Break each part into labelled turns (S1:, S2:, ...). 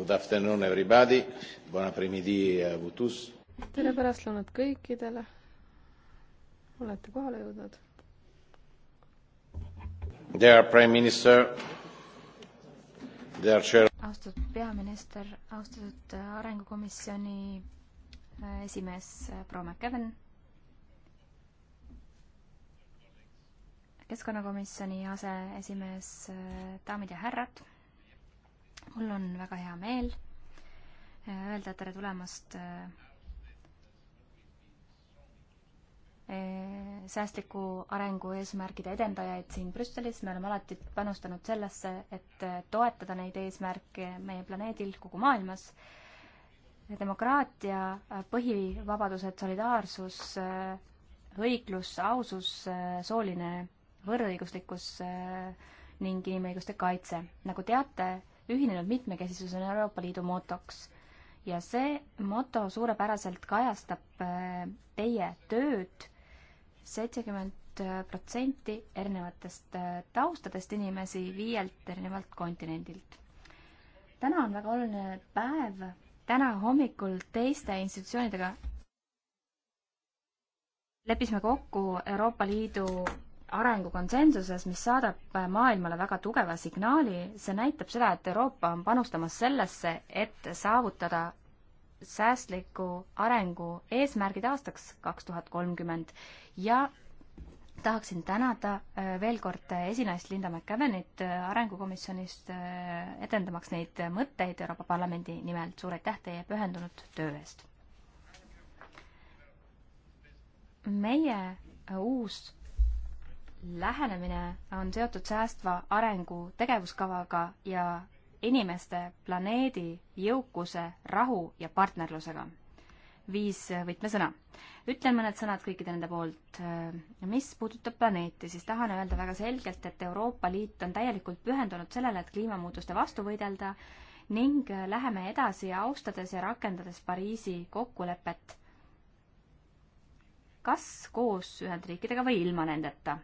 S1: Good afternoon everybody, bon après-midi euh, à vous tous. tere pärastlõunat kõikidele. olete kohale jõudnud? Dear Prime Minister, dear Chair.
S2: austatud peaminister, austatud äh, arengukomisjoni äh, esimees äh, proua McEwen keskkonnakomisjoni aseesimees, daamid ja härrad mul on väga hea meel äh, öelda tere tulemast äh, äh, säästliku arengu eesmärgide edendajaid siin Brüsselis, me oleme alati panustanud sellesse, et toetada neid eesmärke meie planeedil, kogu maailmas. demokraatia, põhivabadused, solidaarsus, õiglus, ausus, sooline võrdõiguslikkus ning inimõiguste kaitse. nagu teate, ühinenud mitmekesisus on Euroopa Liidu motoks. ja see moto suurepäraselt kajastab äh, teie tööd, seitsekümmend protsenti erinevatest äh, taustadest inimesi viielt erinevalt kontinendilt. täna on väga oluline päev, täna hommikul teiste institutsioonidega leppisime kokku Euroopa Liidu arengukonsensuses, mis saadab maailmale väga tugeva signaali, see näitab seda, et Euroopa on panustamas sellesse, et saavutada säästliku arengu eesmärgid aastaks kaks tuhat kolmkümmend ja tahaksin tänada äh, veel kord esinaist Linda McCavenit äh, Arengukomisjonist, äh, edendamaks neid mõtteid Euroopa Parlamendi nimel. suur aitäh teie pühendunud töö eest! meie uus lähenemine on seotud säästva arengu tegevuskavaga ja inimeste, planeedi, jõukuse, rahu ja partnerlusega. viis äh, võtmesõna. ütlen mõned sõnad kõikide nende poolt. Äh, mis puudutab planeeti, siis tahan öelda väga selgelt, et Euroopa Liit on täielikult pühendunud sellele, et kliimamuutuste vastu võidelda ning äh, läheme edasi austades ja rakendades Pariisi kokkulepet kas koos Ühendriikidega või ilma nendeta.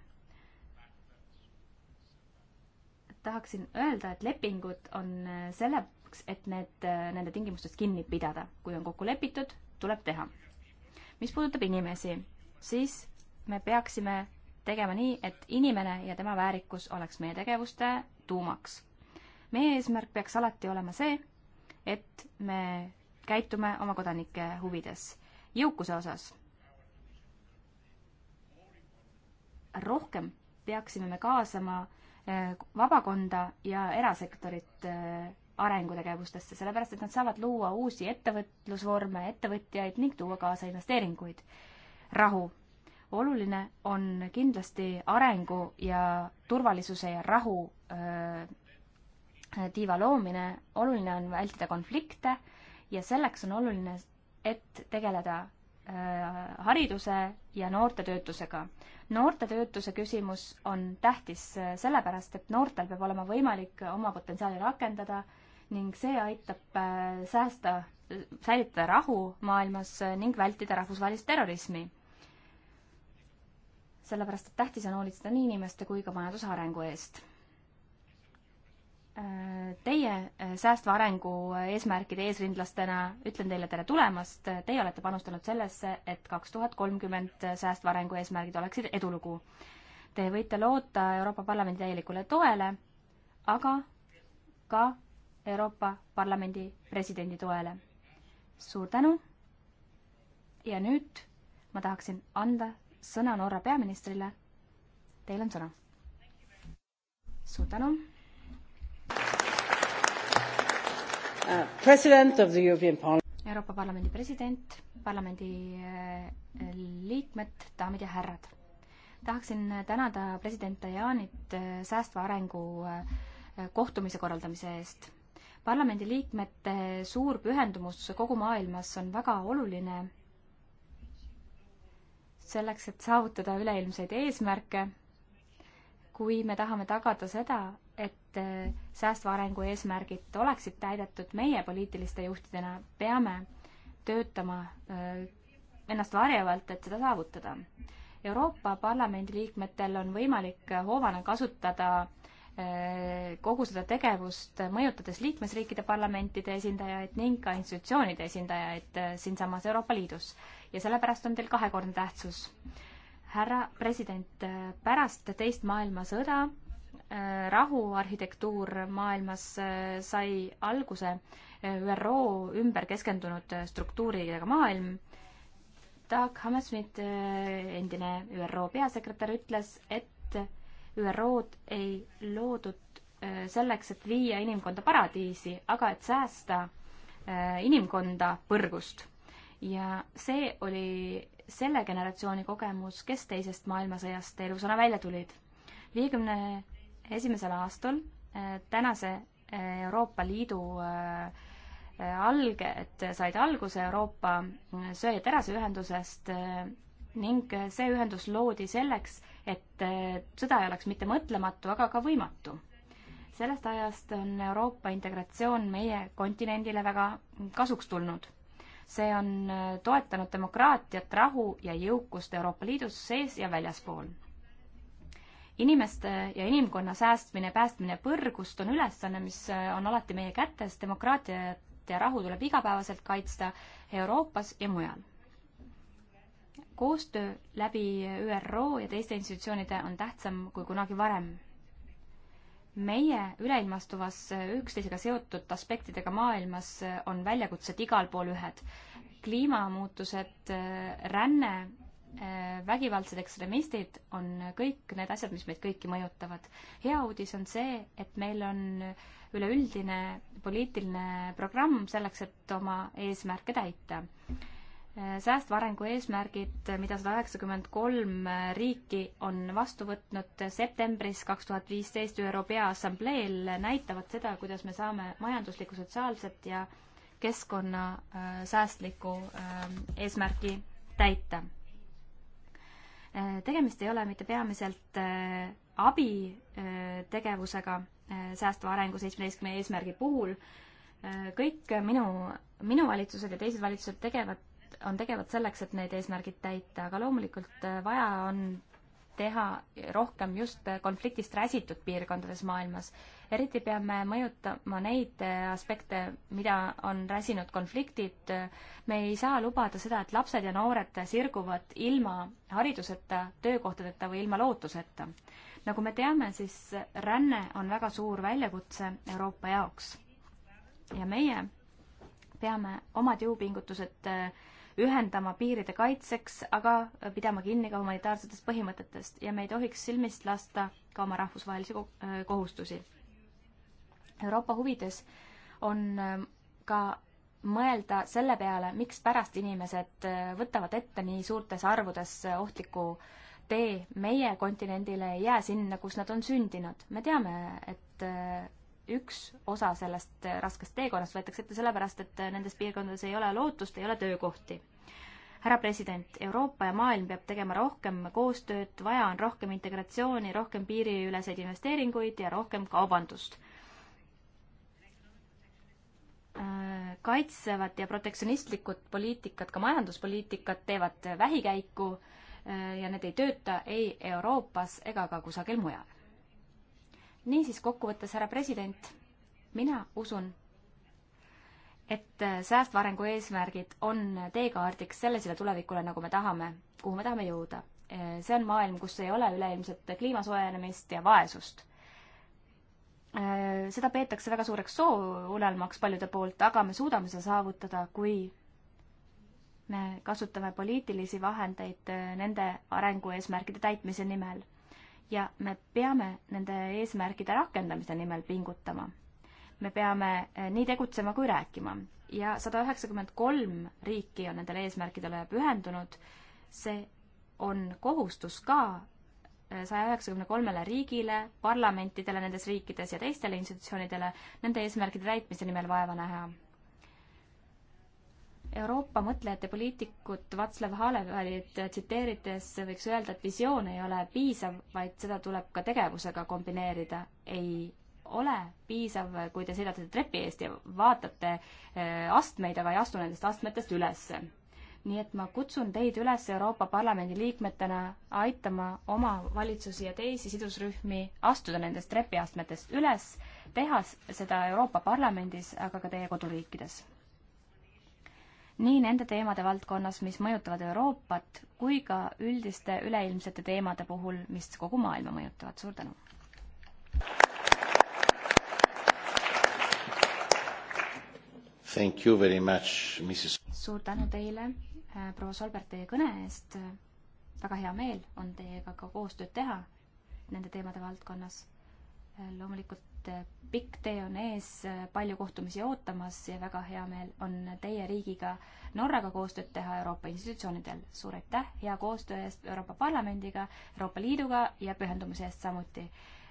S2: tahaksin öelda, et lepingud on äh, selleks, et need, äh, nende tingimustest kinni pidada. kui on kokku lepitud, tuleb teha. mis puudutab inimesi, siis me peaksime tegema nii, et inimene ja tema väärikus oleks meie tegevuste tuumaks. meie eesmärk peaks alati olema see, et me käitume oma kodanike huvides. jõukuse osas rohkem peaksime me kaasama Äh, vabakonda ja erasektorit äh, arengutegevustesse, sellepärast et nad saavad luua uusi ettevõtlusvorme, ettevõtjaid ning tuua kaasa investeeringuid. rahu. oluline on kindlasti arengu ja turvalisuse ja rahu öö, äh, tiiva loomine, oluline on vältida konflikte ja selleks on oluline, et tegeleda öö, hariduse ja noortetöötlusega noorte töötuse küsimus on tähtis eh, sellepärast, et noortel peab olema võimalik eh, oma potentsiaali rakendada ning see aitab eh, säästa, säilitada rahu maailmas ning vältida rahvusvahelist terrorismi. sellepärast, et tähtis on hoolitseda nii inimeste kui ka majanduse arengu eest Teie äh, säästva arengu äh, eesmärkide eesrindlastena ütlen teile tere tulemast. Teie olete panustanud sellesse, et kaks tuhat kolmkümmend äh, säästva arengu eesmärgid oleksid edulugu. Te võite loota Euroopa Parlamendi täielikule toele, aga ka Euroopa Parlamendi presidendi toele. suur tänu. ja nüüd ma tahaksin anda sõna Norra peaministrile. Teil on sõna. suur tänu
S3: Uh,
S2: Euroopa Parlamendi president, parlamendi eh, liikmed, daamid ja härrad. tahaksin tänada president Tajanit eh, säästva arengu eh, kohtumise korraldamise eest. parlamendi liikmete suur pühendumus kogu maailmas on väga oluline selleks, et saavutada üleilmseid eesmärke, kui me tahame tagada seda, et äh, säästva arengu eesmärgid oleksid täidetud, meie poliitiliste juhtidena peame töötama äh, ennast varjavalt, et seda saavutada. Euroopa Parlamendi liikmetel on võimalik hoovana kasutada äh, kogu seda tegevust, mõjutades liikmesriikide parlamentide esindajaid ning ka institutsioonide esindajaid siinsamas Euroopa Liidus. ja sellepärast on teil kahekordne tähtsus. härra president, pärast teist maailmasõda Äh, rahuarhitektuur maailmas äh, sai alguse äh, ÜRO ümber keskendunud struktuuridega maailm. Dag Hammarskmidt, endine ÜRO peasekretär, ütles, et ÜRO-d ei loodud selleks, et viia inimkonda paradiisi, aga et säästa inimkonda põrgust. ja see oli selle generatsiooni kogemus, kes teisest maailmasõjast elusana välja tulid. viiekümne esimesel aastal äh, tänase äh, Euroopa Liidu äh, alged said alguse Euroopa söe- ja teraseühendusest ning see ühendus loodi selleks, et sõda ei oleks mitte mõtlematu, aga ka võimatu. sellest ajast on Euroopa integratsioon meie kontinendile väga kasuks tulnud. see on toetanud demokraatiat, rahu ja jõukust Euroopa Liidus sees ja väljaspool inimeste ja inimkonna säästmine, päästmine põrgust on ülesanne, mis äh, on alati meie kätes, demokraatiat ja rahu tuleb igapäevaselt kaitsta Euroopas ja mujal. koostöö läbi ÜRO ja teiste institutsioonide on tähtsam kui kunagi varem. meie üleilmastuvas äh, üksteisega seotud aspektidega maailmas äh, on väljakutsed igal pool ühed. kliimamuutused, ränne Äh, vägivaldsed ekstremistid on kõik need asjad, mis meid kõiki mõjutavad. hea uudis on see, et meil on üleüldine poliitiline programm selleks, et oma eesmärke täita. Äh, säästva arengu eesmärgid, mida sada üheksakümmend kolm riiki on vastu võtnud septembris kaks tuhat viisteist ÜRO Peaassambleel, näitavad seda, kuidas me saame majanduslikku, sotsiaalset ja keskkonnasäästlikku äh, eesmärki täita Äh, tegemist ei ole mitte peamiselt äh, abitegevusega äh, säästva arengu seitsmeteistkümne eesmärgi puhul. kõik minu, minu valitsused ja teised valitsused tegevad, on tegevad selleks, et need eesmärgid täita, aga loomulikult vaja on teha rohkem just konfliktist räsitud piirkondades maailmas. eriti peame mõjutama neid aspekte, mida on räsinud konfliktid. me ei saa lubada seda, et lapsed ja noored sirguvad ilma hariduseta, töökohtadeta või ilma lootuseta. nagu me teame, siis ränne on väga suur väljakutse Euroopa jaoks. ja meie peame oma jõupingutused äh, ühendama piiride kaitseks, aga pidama kinni ka humanitaarsetest põhimõtetest ja me ei tohiks silmist lasta ka oma rahvusvahelisi kohustusi. Euroopa huvides on ka mõelda selle peale, mikspärast inimesed võtavad ette nii suurtes arvudes ohtliku tee meie kontinendile ei jää sinna, kus nad on sündinud. me teame, et üks osa sellest eh, raskest teekonnast võetakse ette sellepärast, et eh, nendes piirkondades ei ole lootust, ei ole töökohti. härra president, Euroopa ja maailm peab tegema rohkem koostööd, vaja on rohkem integratsiooni, rohkem piiriüleseid investeeringuid ja rohkem kaubandust. Äh, kaitsevad ja protektsionistlikud poliitikad, ka majanduspoliitikad teevad vähikäiku äh, ja need ei tööta ei Euroopas ega ka kusagil mujal niisiis kokkuvõttes, härra president, mina usun, et äh, säästva arengu eesmärgid on teekaardiks sellisele tulevikule, nagu me tahame, kuhu me tahame jõuda. Äh, see on maailm, kus ei ole üleilmset kliima soojenemist ja vaesust. Äh, seda peetakse väga suureks soovunelmaks paljude poolt, aga me suudame seda saavutada, kui me kasutame poliitilisi vahendeid nende arengueesmärkide täitmise nimel ja me peame nende eesmärkide rakendamise nimel pingutama. me peame eh, nii tegutsema kui rääkima ja sada üheksakümmend kolm riiki on nendele eesmärkidele pühendunud. see on kohustus ka eh, saja üheksakümne kolmele riigile, parlamentidele nendes riikides ja teistele institutsioonidele nende eesmärkide täitmise nimel vaeva näha Euroopa mõtlejate poliitikut Václav Halevalit tsiteerides võiks öelda, et visioon ei ole piisav, vaid seda tuleb ka tegevusega kombineerida. ei ole piisav, kui te sõidate trepi eest ja vaatate eh, astmeid, aga ei astu nendest astmetest üles. nii et ma kutsun teid üles Euroopa Parlamendi liikmetena aitama oma valitsusi ja teisi sidusrühmi astuda nendest trepiastmetest üles, teha seda Euroopa Parlamendis, aga ka teie koduriikides nii nende teemade valdkonnas, mis mõjutavad Euroopat, kui ka üldiste üleilmsete teemade puhul, mis kogu maailma mõjutavad. suur tänu!
S1: Thank you very much, Mrs.
S2: suur tänu teile, äh, proua Solberg, teie kõne eest. väga hea meel on teiega ka koostööd teha nende teemade valdkonnas. Äh, loomulikult et äh, pikk tee on ees, äh, palju kohtumisi ootamas ja väga hea meel on teie riigiga Norraga koostööd teha Euroopa institutsioonidel. suur aitäh hea koostöö eest Euroopa Parlamendiga, Euroopa Liiduga ja pühendumise eest samuti.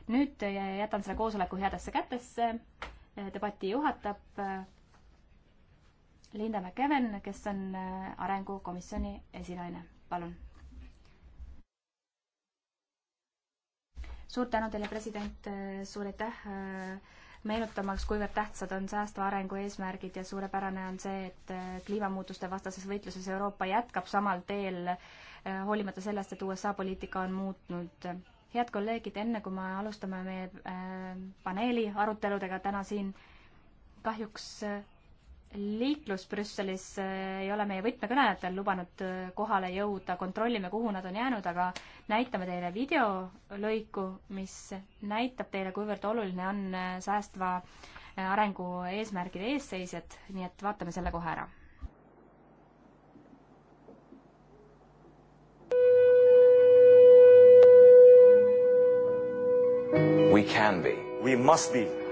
S2: nüüd äh, jätan selle koosoleku headesse kätesse. debati juhatab Linda McEwen, kes on Arengukomisjoni esinaine. palun suur tänu teile, president, suur aitäh äh, meenutamaks, kuivõrd tähtsad on säästva arengu eesmärgid ja suurepärane on see, et äh, kliimamuutuste vastases võitluses Euroopa jätkab samal teel, äh, hoolimata sellest, et USA poliitika on muutnud. head kolleegid, enne kui me alustame meie paneeli aruteludega täna siin, kahjuks liiklus Brüsselis äh, ei ole meie võtmekõnelejatel lubanud äh, kohale jõuda, kontrollime, kuhu nad on jäänud, aga näitame teile videolõiku, mis näitab teile, kuivõrd oluline on äh, säästva arengu eesmärgide eesseisjad, nii et vaatame selle kohe ära We can be. We must be.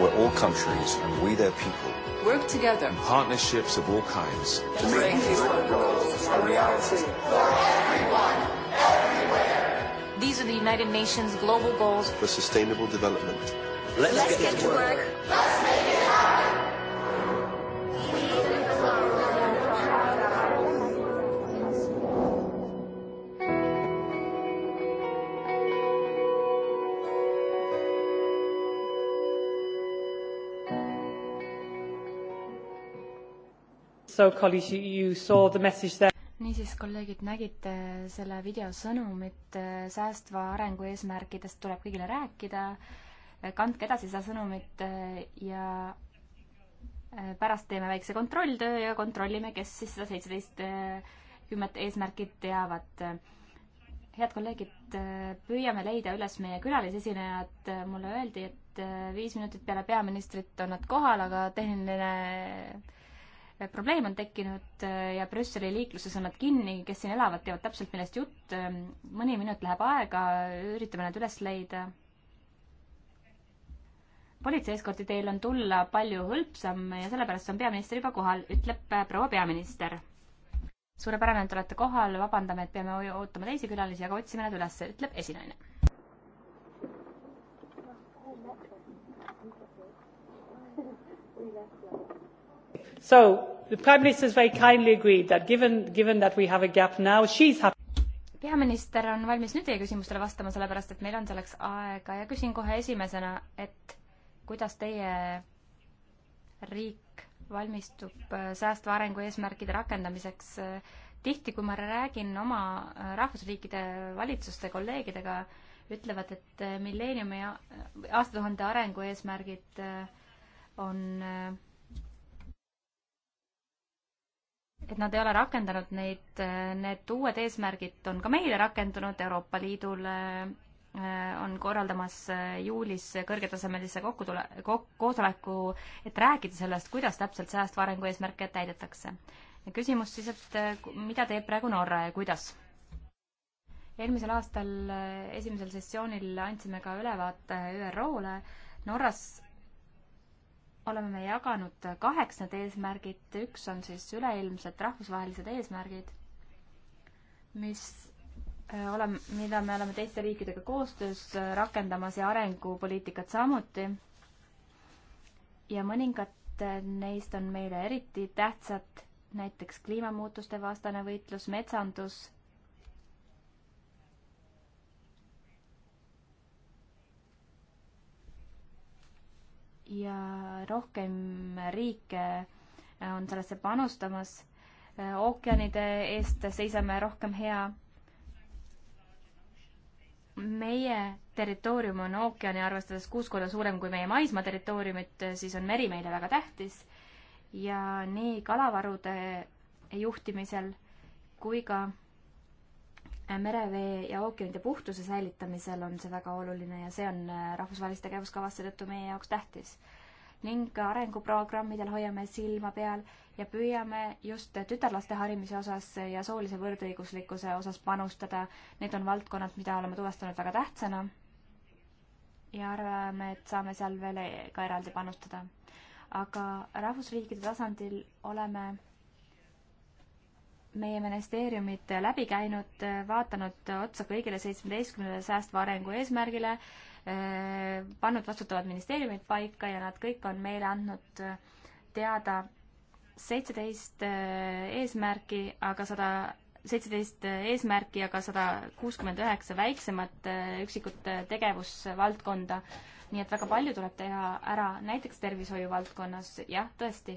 S1: where all countries and we their people work together. Partnerships of all kinds. To make future
S3: goals a reality
S1: for everyone,
S2: everywhere. These are the United Nations Global Goals
S3: for Sustainable Development.
S2: Let's, Let's get, get to work. work. Let's make it happen.
S3: So colleagues, you saw the message there
S2: niisiis, kolleegid, nägite selle video sõnumit, säästva arengu eesmärkidest tuleb kõigile rääkida, kandke edasi seda sõnumit eh, ja eh, pärast teeme väikse kontrolltöö ja kontrollime, kes siis seda seitseteist eh, kümmet eesmärki teavad. head kolleegid, püüame leida üles meie külalisesinejad, mulle öeldi, et viis minutit peale peaministrit on nad kohal, aga tehniline Äh, probleem on tekkinud äh, ja Brüsseli liikluses on nad kinni, kes siin elavad, teavad täpselt, millest jutt. Ähm, mõni minut läheb aega, üritame nad üles leida. politseieskordi teel on tulla palju hõlpsam ja sellepärast on peaminister juba kohal, ütleb äh, proua peaminister. suurepärane, et olete kohal, vabandame, et peame ootama teisi külalisi, aga otsime nad üles, ütleb esinaine We left So the Prime Minister has very kindly
S3: agreed that given, given that we have a gap now, she's happy
S2: peaminister on valmis nüüd teie küsimustele vastama, sellepärast et meil on selleks aega ja küsin kohe esimesena, et kuidas teie riik valmistub äh, säästva arengu eesmärkide rakendamiseks. Äh, tihti, kui ma räägin oma äh, rahvusriikide valitsuste kolleegidega, ütlevad, et milleeniumi aastatuhande arengu eesmärgid on et nad ei ole rakendanud neid, need uued eesmärgid on ka meile rakendunud, Euroopa Liidul äh, on korraldamas äh, juulis kõrgetasemelise kokkutule-, kok-, koosoleku, et rääkida sellest, kuidas täpselt säästva arengu eesmärke täidetakse. ja küsimus siis, et äh, mida teeb praegu Norra ja kuidas? eelmisel aastal esimesel sessioonil andsime ka ülevaate ÜRO-le, Norras oleme me jaganud kaheks need eesmärgid, üks on siis üleilmsed rahvusvahelised eesmärgid, mis äh, oleme, mida me oleme teiste riikidega koostöös äh, rakendamas ja arengupoliitikat samuti. ja mõningad äh, neist on meile eriti tähtsad, näiteks kliimamuutuste vastane võitlus, metsandus ja rohkem riike on sellesse panustamas. ookeanide eest seisame rohkem hea. meie territoorium on ookeani arvestades kuus korda suurem kui meie maismaa territooriumit, siis on meri meile väga tähtis. ja nii kalavarude juhtimisel kui ka Äh, merevee ja ookeanide puhtuse säilitamisel on see väga oluline ja see on äh, rahvusvahelises tegevuskavas seetõttu meie jaoks tähtis. ning arenguprogrammidel hoiame silma peal ja püüame just tütarlaste harimise osas ja soolise võrdõiguslikkuse osas panustada. Need on valdkonnad, mida oleme tuvastanud väga tähtsana ja arvame, et saame seal veel ka eraldi panustada. aga rahvusriikide tasandil oleme meie ministeeriumid läbi käinud, vaatanud otsa kõigile seitsmeteistkümnele säästva arengu eesmärgile, pannud vastutavad ministeeriumid paika ja nad kõik on meile andnud teada seitseteist eh, eesmärki, aga sada, seitseteist eh, eesmärki, aga sada kuuskümmend üheksa väiksemat eh, üksikut tegevusvaldkonda. nii et väga palju tuleb teha ära, näiteks tervishoiu valdkonnas, jah, tõesti,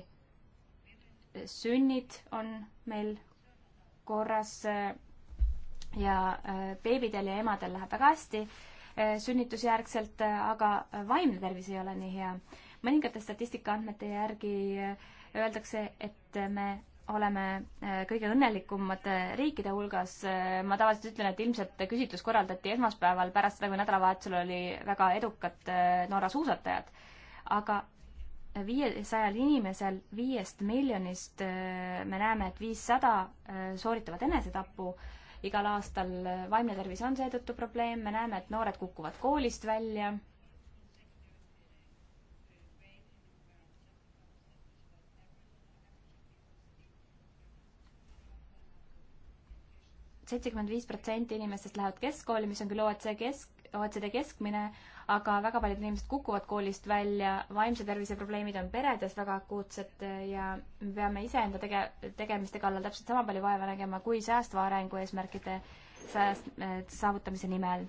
S2: sünnid on meil korras äh, ja äh, beebidel ja emadel läheb väga hästi äh, sünnitusjärgselt, aga vaimne tervis ei ole nii hea. mõningate statistikaandmete järgi öeldakse, et me oleme kõige õnnelikumate riikide hulgas. ma tavaliselt ütlen, et ilmselt küsitlus korraldati esmaspäeval pärast seda, kui nädalavahetusel oli väga edukad Norra suusatajad. aga viiesajal inimesel viiest miljonist äh, me näeme, et viissada äh, sooritavad enesetapu igal aastal. Äh, vaimne tervis on seetõttu probleem, me näeme, et noored kukuvad koolist välja. seitsekümmend viis protsenti inimestest lähevad keskkooli, mis on küll OECD kesk, OECD keskmine, aga väga paljud inimesed kukuvad koolist välja, vaimse tervise probleemid on peredes väga akuutsed ja me peame iseenda tege-, tegemiste kallal täpselt sama palju vaeva nägema kui säästva arengu eesmärkide sääst-, äh, saavutamise nimel.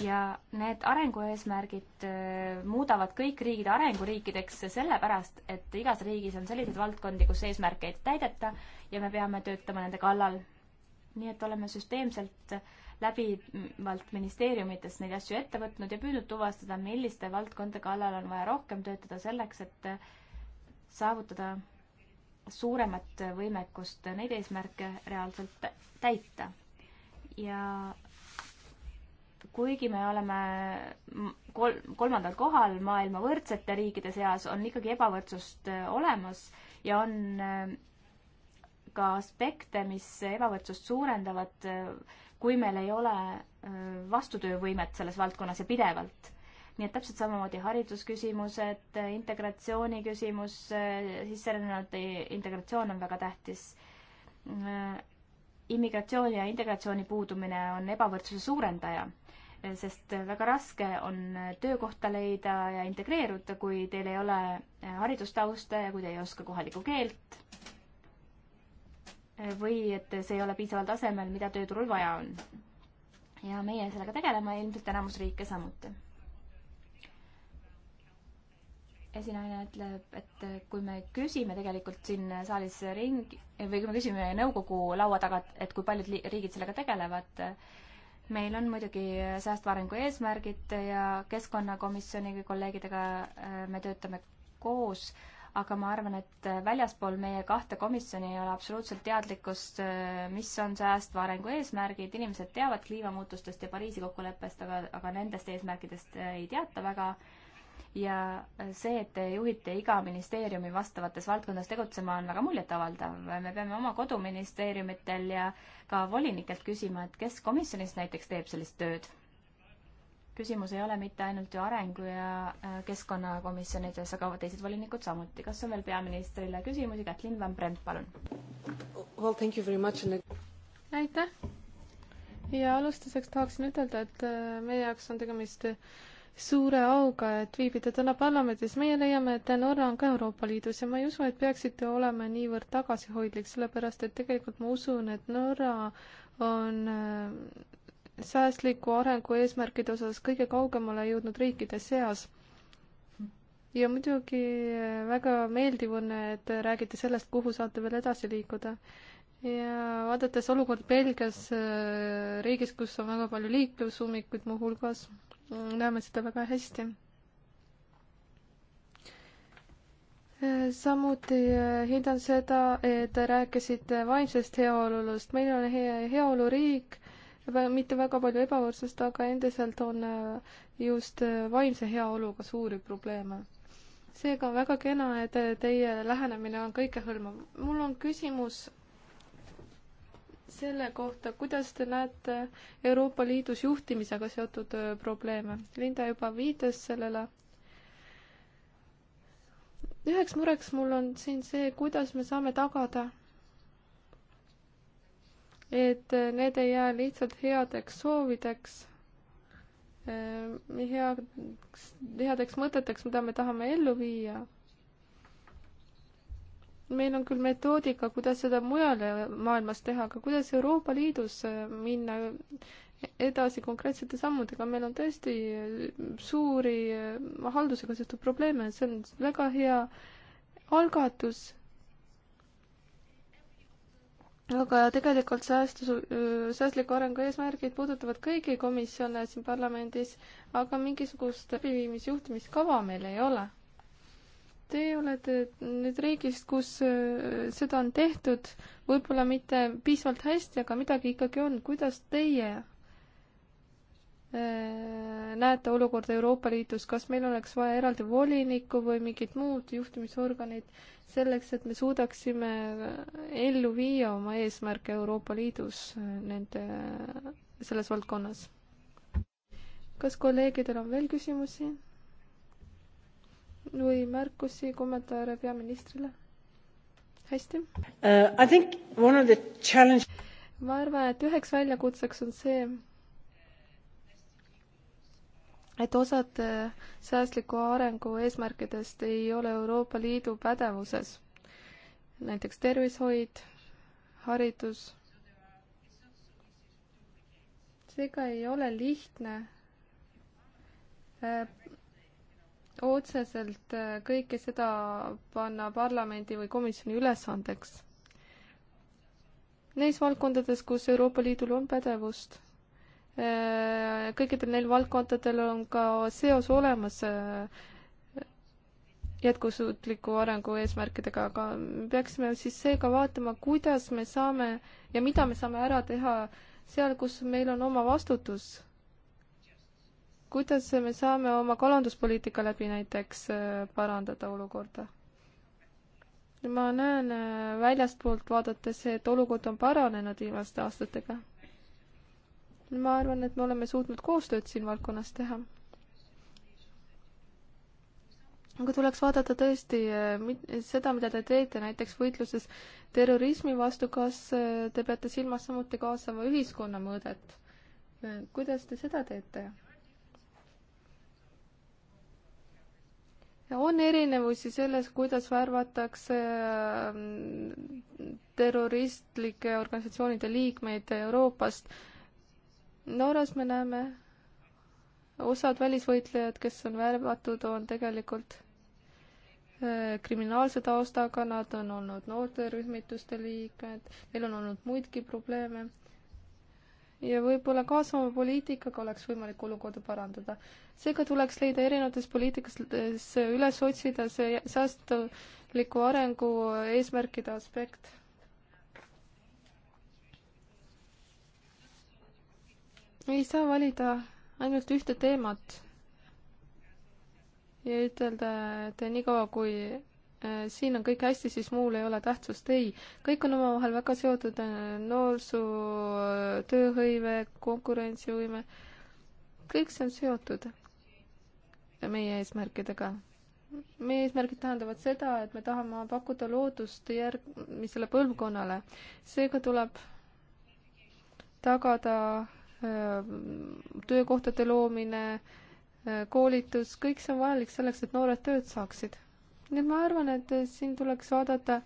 S2: ja need arengueesmärgid äh, muudavad kõik riigid arenguriikideks sellepärast, et igas riigis on selliseid valdkondi, kus eesmärke ei täideta ja me peame töötama nende kallal. nii et oleme süsteemselt äh, läbivalt ministeeriumites neid asju ette võtnud ja püüdnud tuvastada, milliste valdkondade kallal on vaja rohkem töötada selleks, et saavutada suuremat võimekust neid eesmärke reaalselt täita. ja kuigi me oleme kol-, kolmandal kohal maailma võrdsete riikide seas, on ikkagi ebavõrdsust äh, olemas ja on äh, ka aspekte, mis ebavõrdsust suurendavad äh, kui meil ei ole vastutöövõimet selles valdkonnas ja pidevalt. nii et täpselt samamoodi haridusküsimused, integratsiooni küsimus, sisserännanute integratsioon on väga tähtis. immigratsiooni ja integratsiooni puudumine on ebavõrdsuse suurendaja, sest väga raske on töökohta leida ja integreeruda, kui teil ei ole haridustausta ja kui te ei oska kohalikku keelt või et see ei ole piisaval tasemel, mida tööturul vaja on. ja meie sellega tegeleme, ilmselt enamus riike samuti. esinaine ütleb, et kui me küsime tegelikult siin saalis ringi või kui me küsime nõukogu laua taga, et kui paljud riigid sellega tegelevad, meil on muidugi säästva arengu eesmärgid ja keskkonnakomisjoni kolleegidega äh, me töötame koos, aga ma arvan, et väljaspool meie kahte komisjoni ei ole absoluutselt teadlikkust, mis on säästva arengu eesmärgid, inimesed teavad kliimamuutustest ja Pariisi kokkuleppest, aga, aga nendest eesmärkidest ei teata väga ja see, et te juhite iga ministeeriumi vastavates valdkondades tegutsema, on väga muljetavaldav. me peame oma koduministeeriumitel ja ka volinikelt küsima, et kes komisjonis näiteks teeb sellist tööd küsimus ei ole mitte ainult ju arengu- ja äh, keskkonnakomisjonides, aga teised volinikud samuti. kas on veel peaministrile küsimusi? Kätlin Van Brent, palun. Well, thank you very much. aitäh. ja alustuseks tahaksin
S1: ütelda, et äh, meie jaoks on tegemist suure auga, et viibida täna parlamendis. meie leiame, et Norra on ka Euroopa Liidus ja ma ei usu, et peaksite olema niivõrd tagasihoidlik, sellepärast et tegelikult ma usun, et Norra on äh, säästliku arengu eesmärkide osas kõige kaugemale jõudnud riikide seas. ja muidugi väga meeldiv on, et räägite sellest, kuhu saate veel edasi liikuda. ja vaadates olukord Belgias, äh, riigis, kus on väga palju liiklusummikuid muuhulgas, näeme seda väga hästi äh, samuti äh, hindan seda, et rääkisite vaimsest heaolulust. meil on hea, heaoluriik, mitte väga palju ebavõrdsust, aga endiselt on äh, just äh, vaimse heaoluga suuri probleeme. seega on väga kena, et äh, teie lähenemine on kõikehõlmav. mul on küsimus selle kohta, kuidas te näete Euroopa Liidus juhtimisega seotud probleeme? Linda juba viitas sellele. üheks mureks mul on siin see, kuidas me saame tagada et äh, need ei jää lihtsalt headeks soovideks, äh, heaks, headeks mõteteks, mida me tahame ellu viia. meil on küll metoodika, kuidas seda mujal maailmas teha, aga kuidas Euroopa Liidus äh, minna edasi konkreetsete sammudega, meil on tõesti suuri haldusega seotud probleeme, see on väga hea algatus aga tegelikult säästu, äh, säästliku arengu eesmärgid puudutavad kõigi komisjone siin parlamendis, aga mingisugust läbiviimisjuhtimiskava meil ei ole. Teie olete nüüd riigist, kus äh, seda on tehtud, võib-olla mitte piisavalt hästi, aga midagi ikkagi on. kuidas teie Äh, näete olukorda Euroopa Liidus, kas meil oleks vaja eraldi volinikku või mingit muud juhtimisorganit selleks, et me suudaksime ellu viia oma eesmärke Euroopa Liidus äh, nende, äh, selles valdkonnas? kas kolleegidel on veel küsimusi või märkusi, kommentaare peaministrile? hästi uh,.
S3: I think one
S1: of the challenge ma arvan, et üheks väljakutseks on see, et osad äh, säästliku arengu eesmärkidest ei ole Euroopa Liidu pädevuses, näiteks tervishoid, haridus. seega ei ole lihtne öö, äh, otseselt äh, kõike seda panna parlamendi või komisjoni ülesandeks. Neis valdkondades, kus Euroopa Liidul on pädevust Äh, kõikidel neil valdkondadel on ka seos olemas äh, jätkusuutliku arengu eesmärkidega, aga me peaksime siis seega vaatama, kuidas me saame ja mida me saame ära teha seal, kus meil on oma vastutus. kuidas me saame oma kalanduspoliitika läbi näiteks äh, parandada olukorda? ma näen väljastpoolt vaadates, et olukord on paranenud viimaste aastatega ma arvan, et me oleme suutnud koostööd siin valdkonnas teha. aga tuleks vaadata tõesti eh, seda, mida te teete näiteks võitluses terrorismi vastu, kas eh, te peate silmas samuti kaasava ühiskonna mõõdet? Eh, kuidas te seda teete? on erinevusi selles, kuidas värvatakse mm, terroristlike organisatsioonide liikmeid Euroopast Norras me näeme, osad välisvõitlejad, kes on värvatud, on tegelikult äh, kriminaalse taustaga, nad on olnud noorterühmituste liikmed, neil on olnud muidki probleeme. ja võib-olla kaasava poliitikaga oleks võimalik olukorda parandada. seega tuleks leida erinevates poliitikates üles otsida see säästliku arengu eesmärkide aspekt ei saa valida ainult ühte teemat ja ütelda, et niikaua kui äh, siin on kõik hästi, siis muul ei ole tähtsust, ei. kõik on omavahel väga seotud, äh, noorsoo, äh, tööhõive, konkurentsivõime, kõik see on seotud meie eesmärkidega. meie eesmärgid tähendavad seda, et me tahame pakkuda loodust järgmisele põlvkonnale. seega tuleb tagada Äh, töökohtade loomine, äh, koolitus, kõik see on vajalik selleks, et noored tööd saaksid. nii et ma arvan, et äh, siin tuleks vaadata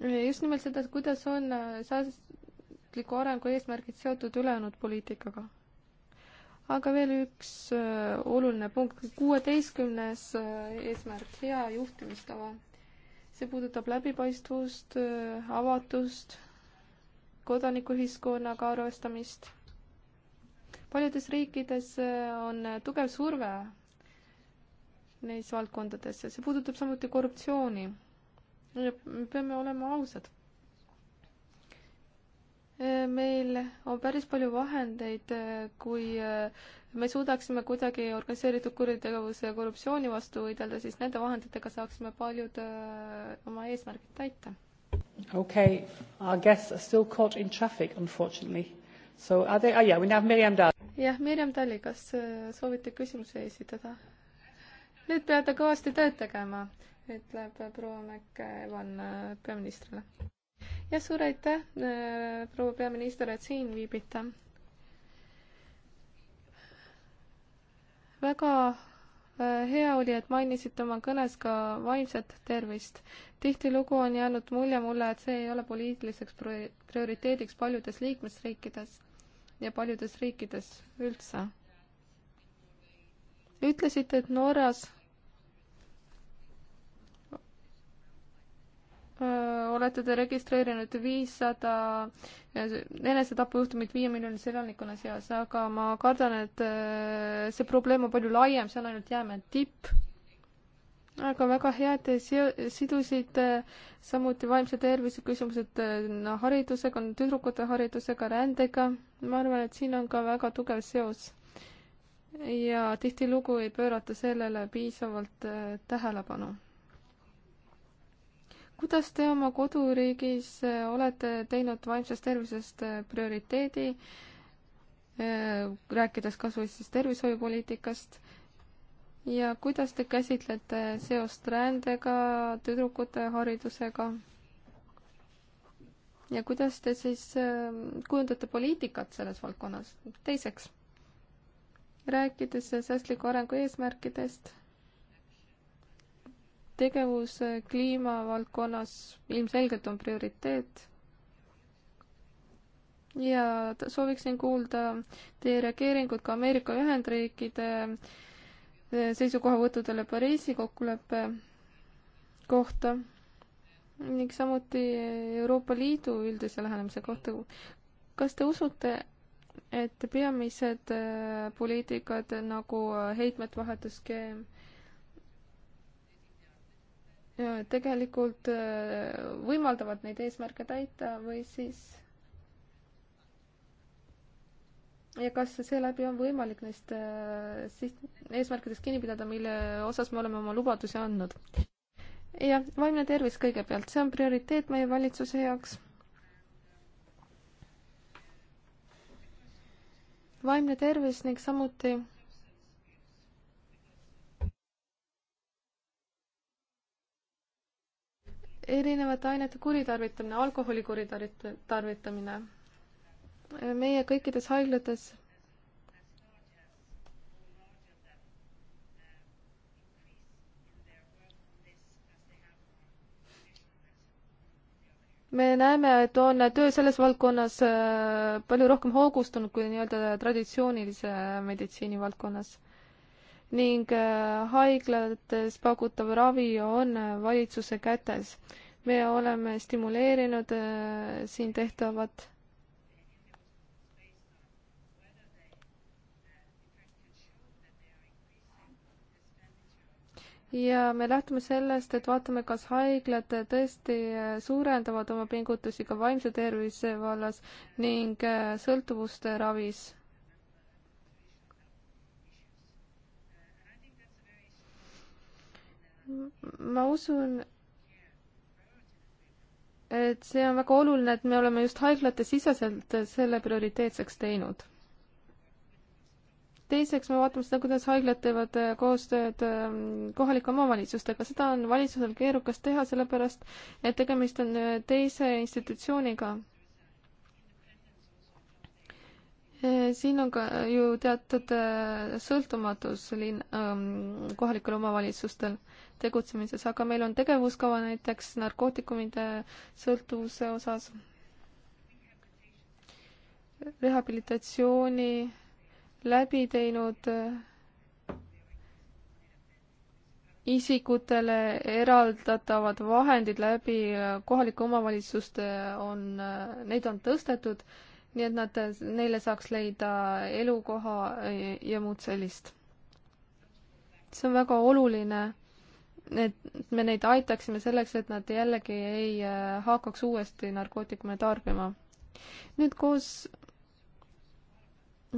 S1: just nimelt seda, et kuidas on säästliku arengu eesmärgid seotud ülejäänud poliitikaga aga veel üks äh, oluline punkt, kuueteistkümnes äh, eesmärk, hea juhtimistava. see puudutab läbipaistvust äh,, avatust, kodanikuühiskonnaga arvestamist paljudes riikides äh, on tugev surve neis valdkondades ja see puudutab samuti korruptsiooni. me peame olema ausad. Äh, meil on päris palju vahendeid, äh, kui me suudaksime kuidagi organiseeritud kuritegevuse ja korruptsiooni vastu võidelda, siis nende vahenditega saaksime paljud oma eesmärgid täita.
S3: Okay, I guess still caught in traffic unfortunately So are they, oh yeah, we have Miriam Dali.
S1: jah, Miriam Dali, kas äh, soovite küsimusi esitada? nüüd peate kõvasti tööd tegema, ütleb proua Mäkke-Evan äh, peaministrile. jah, suur aitäh, äh, proua peaminister, et siin viibite. väga hea oli, et mainisite oma kõnes ka vaimset tervist. tihtilugu on jäänud mulje mulle, et see ei ole poliitiliseks prioriteediks paljudes liikmesriikides ja paljudes riikides üldse. ütlesite, et Norras olete te registreerinud viissada enesetapujuhtumit viie miljonilise elanikkonna seas, aga ma kardan, et see probleem on palju laiem, see on ainult jäämäe tipp aga väga hea, et te sidusite äh, samuti vaimse tervise küsimused äh, no, haridusega, tüdrukute haridusega, rändega. ma arvan, et siin on ka väga tugev seos. ja tihtilugu ei pöörata sellele piisavalt äh, tähelepanu. kuidas te oma koduriigis olete teinud vaimsest tervisest prioriteedi, rääkides kas või siis tervishoiupoliitikast ja kuidas te käsitlete seost rändega, tüdrukute haridusega? ja kuidas te siis ähm, kujundate poliitikat selles valdkonnas? teiseks, rääkides säästliku arengu eesmärkidest, tegevus äh, kliimavaldkonnas ilmselgelt on prioriteet. ja sooviksin kuulda teie reageeringut ka Ameerika Ühendriikide äh, seisukohavõttudele Pariisi kokkuleppe kohta ning samuti Euroopa Liidu üldise lähenemise kohta. kas te usute, et peamised äh, poliitikad nagu äh, heitmete vahetusskeem äh, tegelikult võimaldavad neid eesmärke täita või siis ja kas seeläbi on võimalik neist äh, siht-, eesmärkidest kinni pidada, mille osas me oleme oma lubadusi andnud? jah, vaimne tervis kõigepealt, see on prioriteet meie valitsuse jaoks. vaimne tervis ning samuti erinevate ainete kuritarvitamine, alkoholi kuritarvitamine meie kõikides haiglates me näeme, et on töö selles valdkonnas äh, palju rohkem hoogustunud kui nii-öelda traditsioonilise meditsiini valdkonnas. ning äh, haiglates pakutav ravi on valitsuse kätes. me oleme stimuleerinud äh, siin tehtavat ja me lähtume sellest, et vaatame, kas haiglad tõesti äh, suurendavad oma pingutusi ka vaimse tervise vallas ning äh, sõltuvuste ravis. ma usun, et see on väga oluline, et me oleme just haiglate siseselt selle prioriteetseks teinud teiseks me vaatame seda, kuidas haiglad teevad äh, koostööd ähm, kohalike omavalitsustega, seda on valitsusel keerukas teha, sellepärast et tegemist on äh, teise institutsiooniga. Äh, siin on ka ju teatud sõltumatus linn, ähm, kohalikel omavalitsustel tegutsemises, aga meil on tegevuskava näiteks narkootikumide sõltuvuse osas, rehabilitatsiooni läbi teinud äh, isikutele eraldatavad vahendid läbi äh, kohalike omavalitsuste on, äh, neid on tõstetud, nii et nad, neile saaks leida elukoha ja, ja muud sellist. see on väga oluline, et me neid aitaksime selleks, et nad jällegi ei hakkaks uuesti narkootikume tarbima. nüüd koos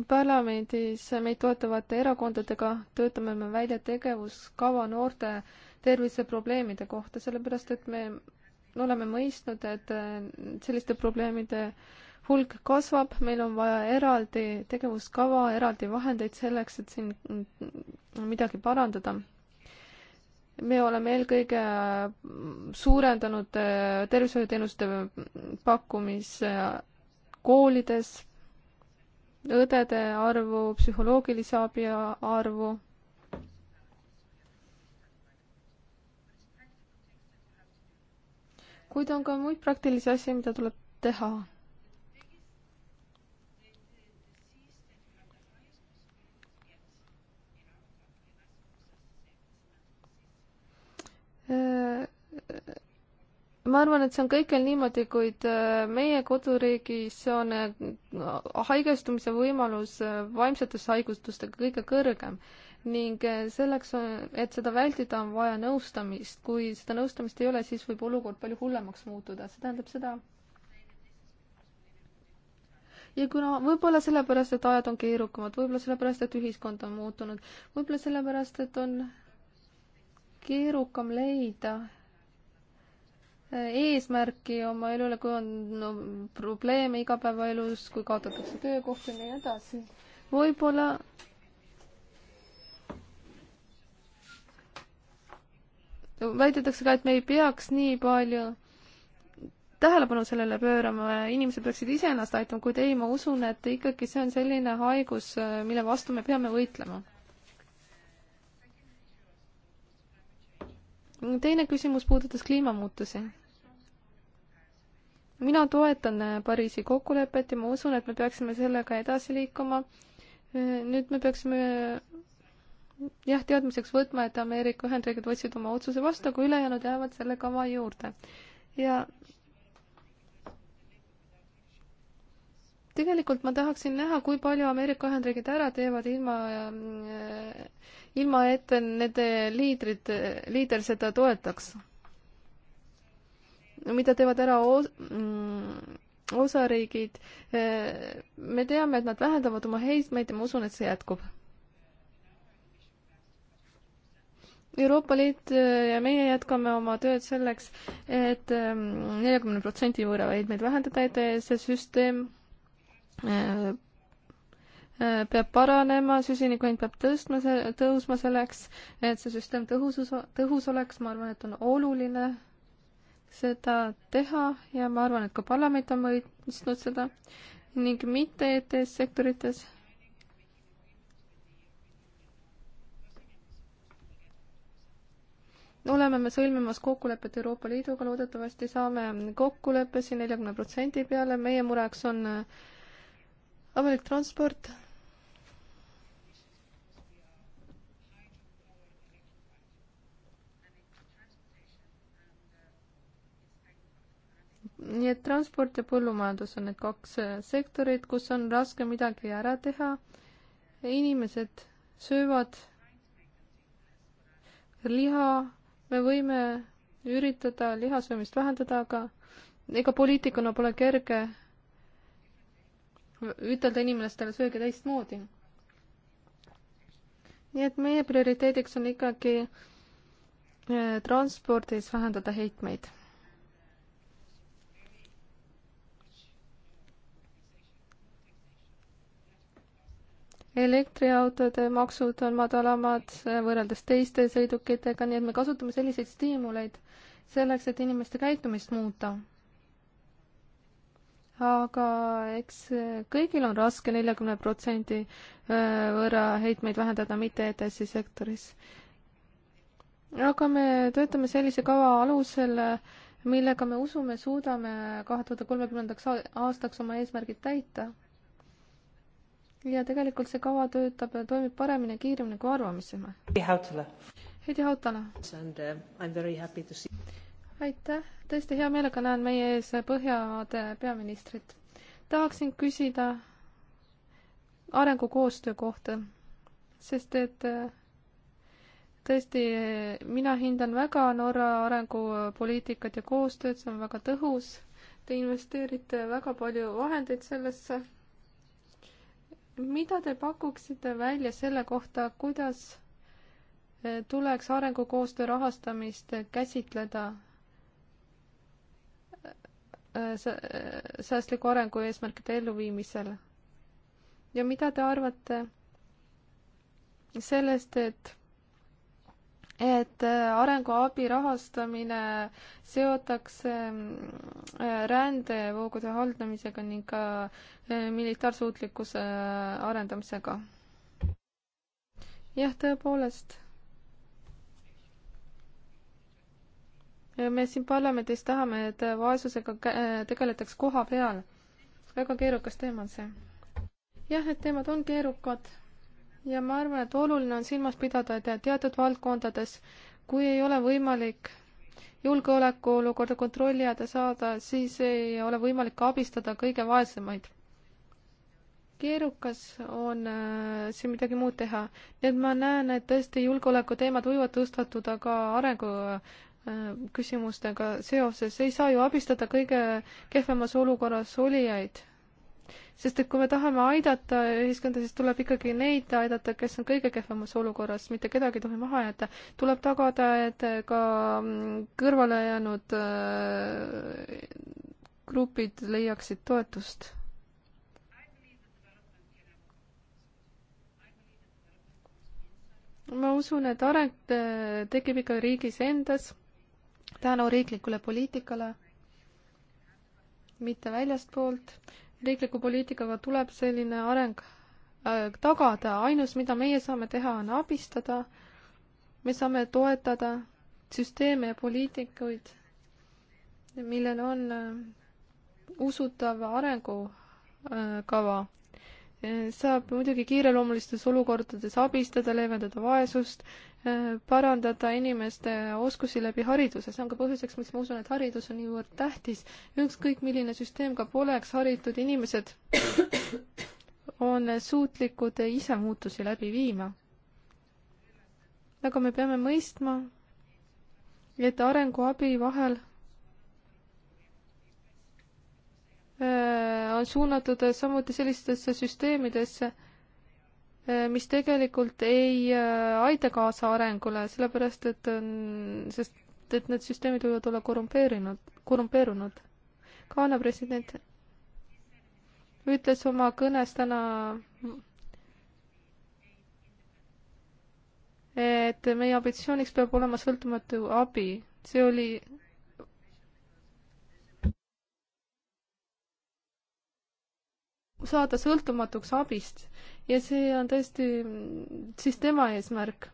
S1: parlamendis meid toetavate erakondadega töötame me välja tegevuskava noorte terviseprobleemide kohta, sellepärast et me oleme mõistnud, et äh, selliste probleemide hulk kasvab, meil on vaja eraldi tegevuskava, eraldi vahendeid selleks, et siin mm, midagi parandada. me oleme eelkõige äh, suurendanud äh, tervishoiuteenuste mm, pakkumise koolides õdede arvu, psühholoogilise abi arvu. kuid on ka muid praktilisi asju, mida tuleb teha. Uh... Äh ma arvan, et see on kõikjal niimoodi, kuid äh, meie koduriigis on äh, haigestumise võimalus äh, vaimsetesse haigustustega kõige kõrgem ning selleks, et seda vältida, on vaja nõustamist. kui seda nõustamist ei ole, siis võib olukord palju hullemaks muutuda, see tähendab seda. ja kuna võib-olla sellepärast, et ajad on keerukamad, võib-olla sellepärast, et ühiskond on muutunud, võib-olla sellepärast, et on keerukam leida eesmärki oma elule, kui on no, probleeme igapäevaelus, kui kaotatakse töökoht ja nii edasi. võib-olla väidetakse ka, et me ei peaks nii palju tähelepanu sellele pöörama ja inimesed peaksid ise ennast aitama, kuid ei, ma usun, et ikkagi see on selline haigus, mille vastu me peame võitlema teine küsimus puudutas kliimamuutusi. mina toetan äh, Pariisi kokkulepet ja ma usun, et me peaksime sellega edasi liikuma. Äh, nüüd me peaksime äh, jah, teadmiseks võtma, et Ameerika Ühendriigid võtsid oma otsuse vastu, aga ülejäänud jäävad selle kava juurde. ja tegelikult ma tahaksin näha, kui palju Ameerika Ühendriigid ära teevad ilma ilma et nende liidrid, liider seda toetaks. mida teevad ära os-, mm, osariigid, äh, me teame, et nad vähendavad oma heismeid ja ma usun, et see jätkub. Euroopa Liit äh, ja meie jätkame oma tööd selleks et, et ähm, neljakümne protsendi võrra heitmeid vähendada, et see süsteem äh, Äh, peab paranema, süsiniku hind peab tõstma, tõusma selleks, et see süsteem tõhusus, tõhus oleks, ma arvan, et on oluline seda teha ja ma arvan, et ka parlament on mõistnud seda ning mitte ETS sektorites. oleme me sõlmimas kokkulepet Euroopa Liiduga, loodetavasti saame kokkuleppe siin neljakümne protsendi peale, meie mureks on äh, avalik transport nii et transport ja põllumajandus on need kaks äh, sektorit, kus on raske midagi ära teha. inimesed söövad liha, me võime üritada lihasöömist vähendada, aga ega poliitikuna pole kerge ütelda inimestele sööge teistmoodi. nii et meie prioriteediks on ikkagi äh, transpordis vähendada heitmeid elektriautode maksud on madalamad võrreldes teiste sõidukitega, nii et me kasutame selliseid stiimuleid selleks, et inimeste käitumist muuta. aga eks kõigil on raske neljakümne protsendi võrra heitmeid vähendada mitte ETS-i sektoris. aga me töötame sellise kava alusel, millega me usume, suudame kahe tuhande kolmekümnendaks aastaks oma eesmärgid täita ja tegelikult see kava töötab ja toimib paremini ja kiiremini, kui arvamisime. Heidi Hautala.
S3: Uh,
S1: aitäh, tõesti hea meelega näen meie ees Põhjamaade peaministrit. tahaksin küsida arengukoostöö kohta, sest et äh, tõesti, mina hindan väga Norra arengupoliitikat ja koostööd, see on väga tõhus. Te investeerite väga palju vahendeid sellesse mida te pakuksite välja selle kohta, kuidas eh, tuleks arengukoostöö rahastamist eh, käsitleda eh, säästliku arengu eesmärkide elluviimisel? ja mida te arvate sellest, et et äh, arenguabi rahastamine seotakse mm, äh, rändevoogude haldamisega ning ka äh, militaarsuutlikkuse arendamisega. jah, tõepoolest. me siin parlamendis tahame, et vaesusega tegeletaks koha peal. väga keerukas teema on see. jah, need teemad on keerukad ja ma arvan, et oluline on silmas pidada, et teatud valdkondades, kui ei ole võimalik julgeolekuolukorda kontrolli alla saada, siis ei ole võimalik ka abistada kõige vaesemaid. keerukas on äh, siin midagi muud teha. nii et ma näen, et tõesti julgeolekuteemad võivad tõstatuda ka arengu äh, küsimustega seoses, ei saa ju abistada kõige kehvemas olukorras olijaid sest et kui me tahame aidata ühiskonda, siis tuleb ikkagi neid aidata, kes on kõige kehvemas olukorras, mitte kedagi ei tohi maha jätta. tuleb tagada, et ka mm, kõrvale jäänud äh, grupid leiaksid toetust. ma usun, et areng äh, tekib ikka riigis endas tänu riiklikule poliitikale, mitte väljastpoolt riikliku poliitikaga tuleb selline areng äh, tagada, ainus, mida meie saame teha, on abistada, me saame toetada süsteeme ja poliitikuid, millel on äh, usutav arengukava äh, äh,. saab muidugi kiireloomulistes olukordades abistada, leevendada vaesust äh,, Äh, parandada inimeste oskusi läbi hariduse, see on ka põhjuseks, miks ma usun, et haridus on niivõrd tähtis. ükskõik, milline süsteem ka poleks, haritud inimesed on suutlikud ise muutusi läbi viima. aga nagu me peame mõistma, et arenguabi vahel äh, on suunatud samuti sellistesse süsteemidesse, Äh, mis tegelikult ei äh, aita kaasa arengule, sellepärast et on, sest et need süsteemid võivad olla korrumpeerinud, korrumpeerunud. Ghana president ütles oma kõnes täna, et meie ambitsiooniks peab olema sõltumatu abi, see oli saada sõltumatuks abist ja see on tõesti siis tema eesmärk.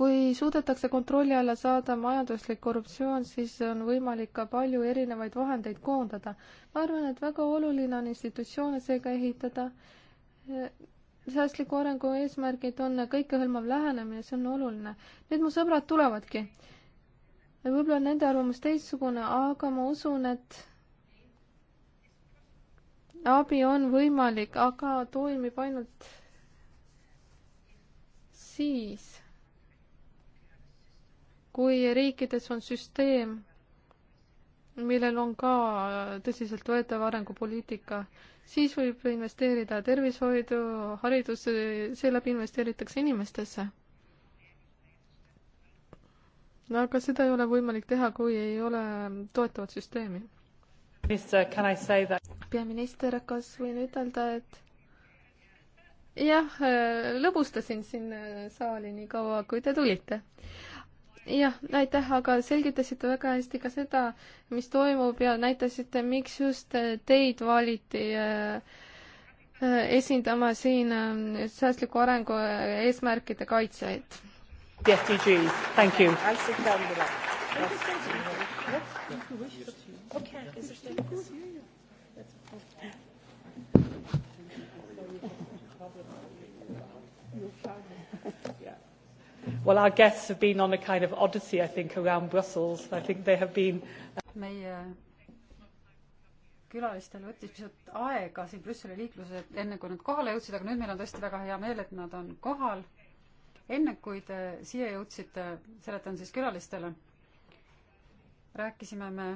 S1: kui suudetakse kontrolli alla saada majanduslik korruptsioon, siis on võimalik ka palju erinevaid vahendeid koondada. ma arvan, et väga oluline on institutsioone seega ehitada. säästliku arengu eesmärgid on kõikehõlmav lähenemine, see on oluline. nüüd mu sõbrad tulevadki võib-olla on nende arvamus teistsugune, aga ma usun, et abi on võimalik, aga toimib ainult siis, kui riikides on süsteem, millel on ka tõsiseltvõetav arengupoliitika, siis võib investeerida tervishoidu, haridusse, seeläbi investeeritakse inimestesse no aga seda ei ole võimalik teha, kui ei ole toetavat süsteemi. peaminister, kas võin ütelda, et jah, lõbustasin siin äh, saali nii kaua, kui te tulite jah, aitäh, aga selgitasite väga hästi ka seda, mis toimub ja näitasite, miks just äh, teid valiti äh, esindama siin säästliku arengu eesmärkide kaitsjaid The
S3: SDGs. Thank you.
S2: I'll sit down with
S3: that. Okay. Well, our guests have been on a kind of odyssey, I think, around Brussels. I think they have been. Uh, meie külalistel võttis pisut aega siin Brüsseli liikluses, enne kui nad kohale jõudsid, aga nüüd meil on tõesti väga hea meel, et nad on kohal enne kui te siia jõudsite, seletan siis külalistele, rääkisime me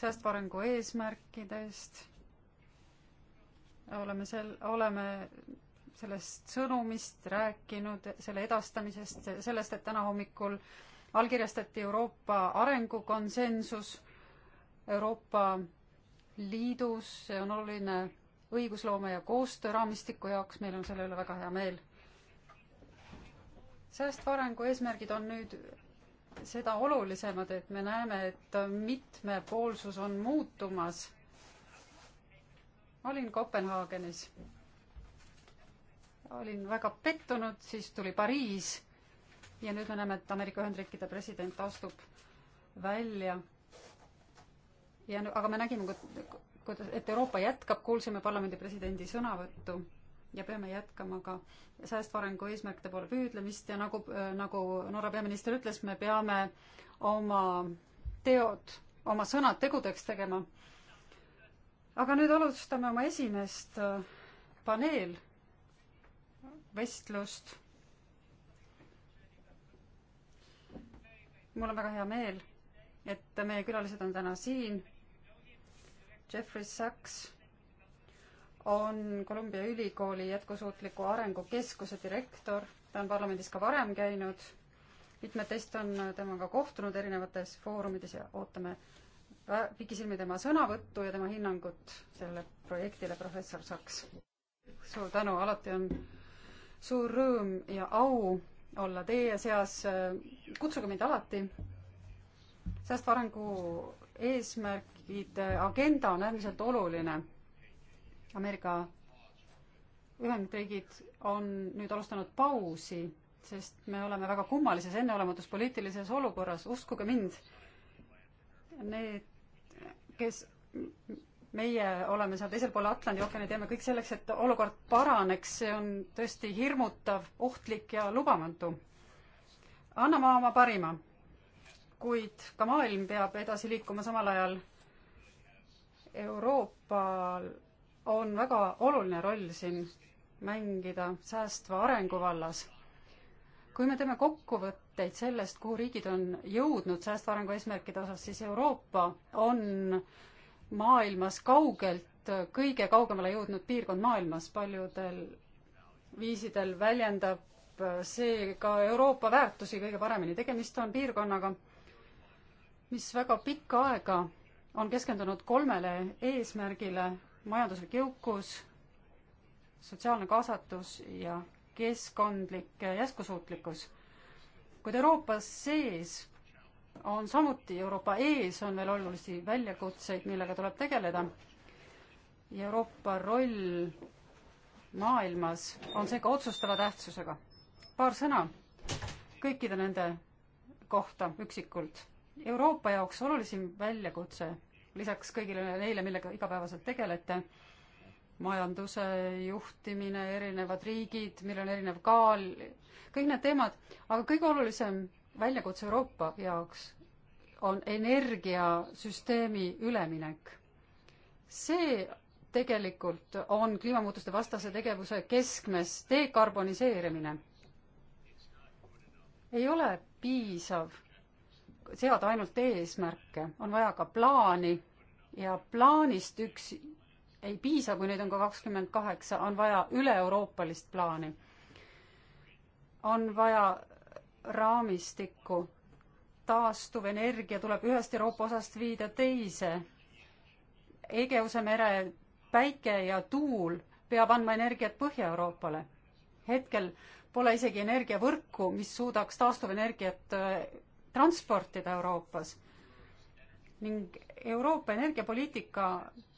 S3: säästva arengu eesmärkidest, oleme sel, oleme sellest sõnumist rääkinud, selle edastamisest, sellest, et täna hommikul allkirjastati Euroopa arengukonsensus Euroopa Liidus, see on oluline õigusloome ja koostööraamistiku jaoks, meil on selle üle väga hea meel säästva arengu eesmärgid on nüüd seda olulisemad, et me näeme, et mitmepoolsus on muutumas. olin Kopenhaagenis. olin väga pettunud, siis tuli Pariis ja nüüd me näeme, et Ameerika Ühendriikide president astub välja. ja aga me nägime, kuidas, et Euroopa jätkab, kuulsime parlamendi presidendi sõnavõttu ja peame jätkama ka säästva arengu eesmärkide poole püüdlemist ja nagu, nagu Norra peaminister ütles, me peame oma teod, oma sõnad tegudeks tegema. aga nüüd alustame oma esimest äh, paneelvestlust. mul on väga hea meel, et meie külalised on täna siin. Jeffrey Sachs on Columbia Ülikooli jätkusuutliku arengu keskuse direktor, ta on parlamendis ka varem käinud, mitmed teist on temaga kohtunud erinevates foorumides ja ootame pikisilmi tema sõnavõttu ja tema hinnangut sellele projektile, professor Saks. suur tänu, alati on suur rõõm ja au olla teie seas, kutsuge mind alati, säästva arengu eesmärgid, agenda on äärmiselt oluline Ameerika Ühendriigid on nüüd alustanud pausi, sest me oleme väga kummalises enneolematus poliitilises olukorras, uskuge mind, need, kes meie oleme seal teisel pool Atlandi ookeani, teeme kõik selleks, et olukord paraneks, see on tõesti hirmutav, ohtlik ja lubamatu. anname oma parima, kuid ka maailm peab edasi liikuma samal ajal Euroopal on väga oluline roll siin mängida säästva arengu vallas. kui me teeme kokkuvõtteid sellest, kuhu riigid on jõudnud säästva arengu eesmärkide osas, siis Euroopa on maailmas kaugelt kõige kaugemale jõudnud piirkond maailmas, paljudel viisidel väljendab see ka Euroopa väärtusi kõige paremini. tegemist on piirkonnaga, mis väga pikka aega on keskendunud kolmele eesmärgile majanduslik jõukus, sotsiaalne kaasatus ja keskkondlik eh, jätkusuutlikkus. kuid Euroopa sees on samuti, Euroopa ees on veel olulisi väljakutseid, millega tuleb tegeleda. ja Euroopa roll maailmas on seega otsustava tähtsusega. paar sõna kõikide nende kohta üksikult. Euroopa jaoks olulisim väljakutse lisaks kõigile neile, millega igapäevaselt tegelete, majanduse juhtimine, erinevad riigid, millel on erinev kaal, kõik need teemad, aga kõige olulisem väljakutse Euroopa jaoks on energiasüsteemi üleminek. see tegelikult on kliimamuutuste vastase tegevuse keskmes dekarboniseerimine. ei ole piisav seada ainult eesmärke, on vaja ka plaani ja plaanist üks ei piisa, kui neid on ka kakskümmend kaheksa, on vaja üle-euroopalist plaani. on vaja raamistikku, taastuvenergia tuleb ühest Euroopa osast viida teise. Egeuse mere päike ja tuul peab andma energiat Põhja-Euroopale. hetkel pole isegi energiavõrku, mis suudaks taastuvenergiat transportida Euroopas ning Euroopa energiapoliitika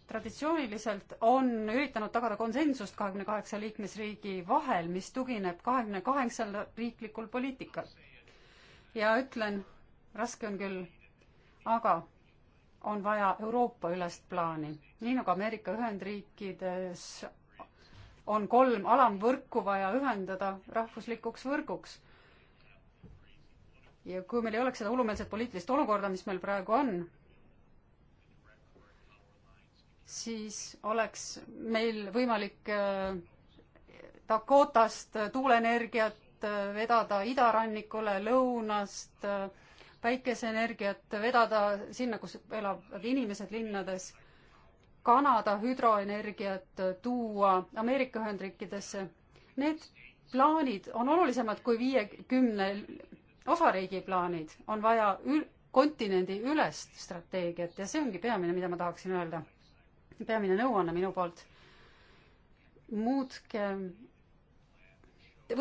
S3: traditsiooniliselt on üritanud tagada konsensust kahekümne kaheksa liikmesriigi vahel, mis tugineb kahekümne kaheksal riiklikul poliitikal. ja ütlen, raske on küll, aga on vaja Euroopa-ülest plaani, nii nagu Ameerika Ühendriikides on kolm alamvõrku vaja ühendada rahvuslikuks võrguks ja kui meil ei oleks seda hullumeelset poliitilist olukorda, mis meil praegu on, siis oleks meil võimalik äh, Dakotast äh, tuuleenergiat äh, vedada idarannikule, lõunast päikeseenergiat vedada sinna, kus elavad inimesed linnades, Kanada hüdroenergiat tuua Ameerika Ühendriikidesse. Need plaanid on olulisemad kui viiekümne osariigi plaanid, on vaja ül-, kontinendiülest strateegiat ja see ongi peamine, mida ma tahaksin öelda. peamine nõuanne minu poolt. muutke,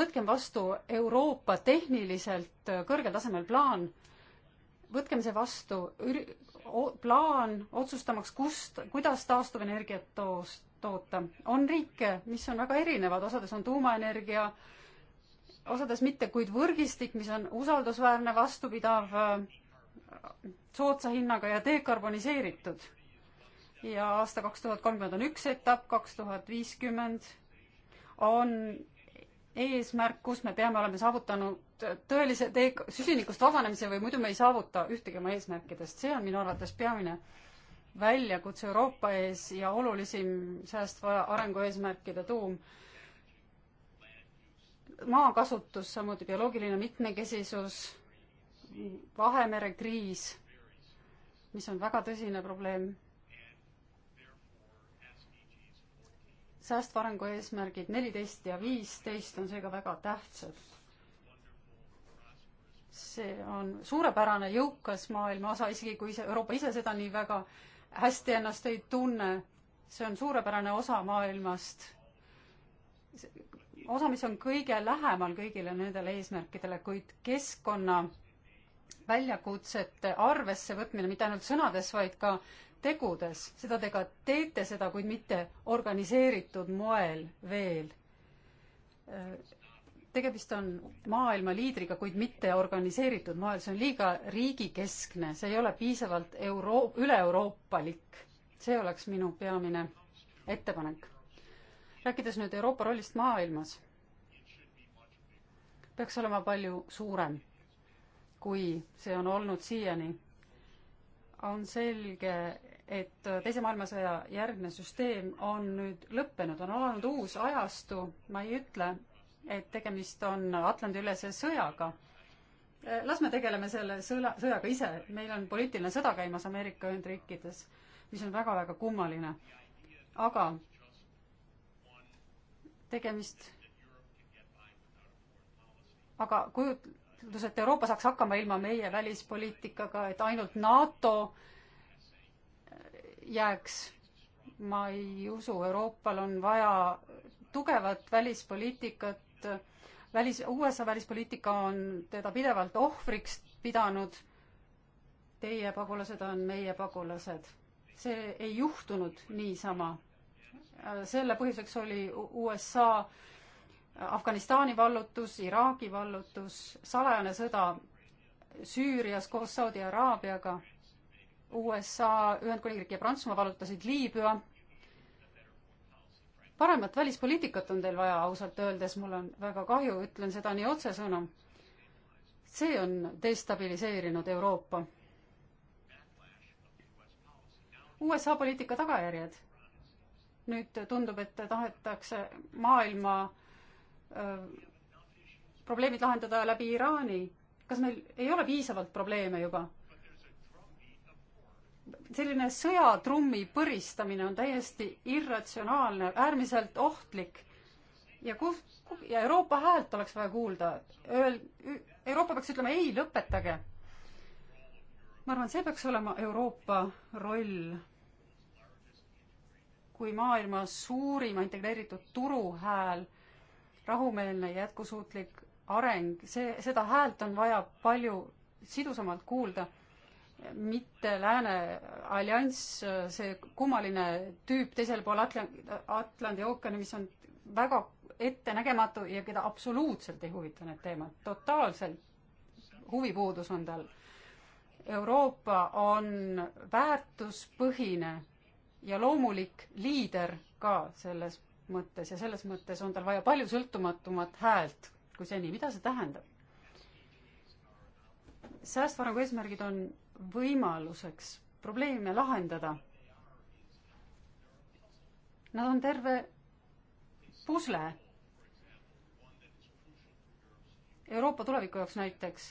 S3: võtkem vastu Euroopa tehniliselt kõrgel tasemel plaan, võtkem see vastu, plaan otsustamaks, kust, kuidas taastuvenergiat toost, toota. on riike, mis on väga erinevad, osades on tuumaenergia äh, osades mitte, kuid võrgistik, mis on usaldusväärne, vastupidav, äh, soodsa hinnaga ja dekarboniseeritud. ja aasta kaks tuhat kolmkümmend on üks etapp, kaks tuhat viiskümmend on eesmärk, kus me peame olema saavutanud tõelise tee, süsinikust vabanemise või muidu me ei saavuta ühtegi oma eesmärkidest, see on minu arvates peamine väljakutse Euroopa ees ja olulisim säästva arengu eesmärkide tuum maakasutus, samuti bioloogiline mitmekesisus, Vahemere kriis, mis on väga tõsine probleem. säästva arengu eesmärgid neliteist ja viisteist on seega väga tähtsad. see on suurepärane jõukas maailma osa, isegi kui ise, Euroopa ise seda nii väga hästi ennast ei tunne. see on suurepärane osa maailmast osa, mis on kõige lähemal kõigile nendele eesmärkidele, kuid keskkonna väljakutsete arvesse võtmine mitte ainult sõnades, vaid ka tegudes, seda te ka teete seda, kuid mitte organiseeritud moel veel. tegemist on maailma liidriga, kuid mitte organiseeritud moel, see on liiga riigikeskne, see ei ole piisavalt euro-, üle-euroopalik. see oleks minu peamine ettepanek rääkides nüüd Euroopa rollist maailmas, peaks olema palju suurem, kui see on olnud siiani. on selge, et Teise maailmasõja järgne süsteem on nüüd lõppenud, on alanud uus ajastu, ma ei ütle, et tegemist on Atlandi-ülese sõjaga. las me tegeleme selle sõla, sõjaga ise, meil on poliitiline sõda käimas Ameerika Ühendriikides, mis on väga-väga kummaline. aga tegemist, aga kujutlus, et Euroopa saaks hakkama ilma meie välispoliitikaga, et ainult NATO jääks, ma ei usu, Euroopal on vaja tugevat välispoliitikat, välis, USA välispoliitika on teda pidevalt ohvriks pidanud, teie pagulased on meie pagulased. see ei juhtunud niisama Äh, selle põhjuseks oli USA Afganistani vallutus, Iraagi vallutus, salajane sõda Süürias koos Saudi Araabiaga, USA, Ühendkuningriik ja Prantsusmaa vallutasid Liibüa. paremat välispoliitikat on teil vaja, ausalt öeldes, mul on väga kahju, ütlen seda nii otsesõnu. see on destabiliseerinud Euroopa. USA poliitika tagajärjed nüüd tundub, et tahetakse maailma probleemid lahendada läbi Iraani. kas meil ei ole piisavalt probleeme juba? selline sõjatrummi põristamine on täiesti irratsionaalne, äärmiselt ohtlik. ja kus, ja Euroopa häält oleks vaja kuulda. Öel-, Euroopa peaks ütlema ei, lõpetage. ma arvan, see peaks olema Euroopa roll kui maailma suurima integreeritud turuhääl, rahumeelne jätkusuutlik areng, see, seda häält on vaja palju sidusamalt kuulda, mitte lääne allianss, see kummaline tüüp teisel pool Atlandi, Atlandi ookeani, mis on väga ettenägematu ja keda absoluutselt ei huvita need teemad, totaalselt huvipuudus on tal. Euroopa on väärtuspõhine ja loomulik liider ka selles mõttes ja selles mõttes on tal vaja palju sõltumatumat häält kui seni. mida see tähendab? säästvarangu eesmärgid on võimaluseks probleeme lahendada. Nad on terve pusle. Euroopa tuleviku jaoks näiteks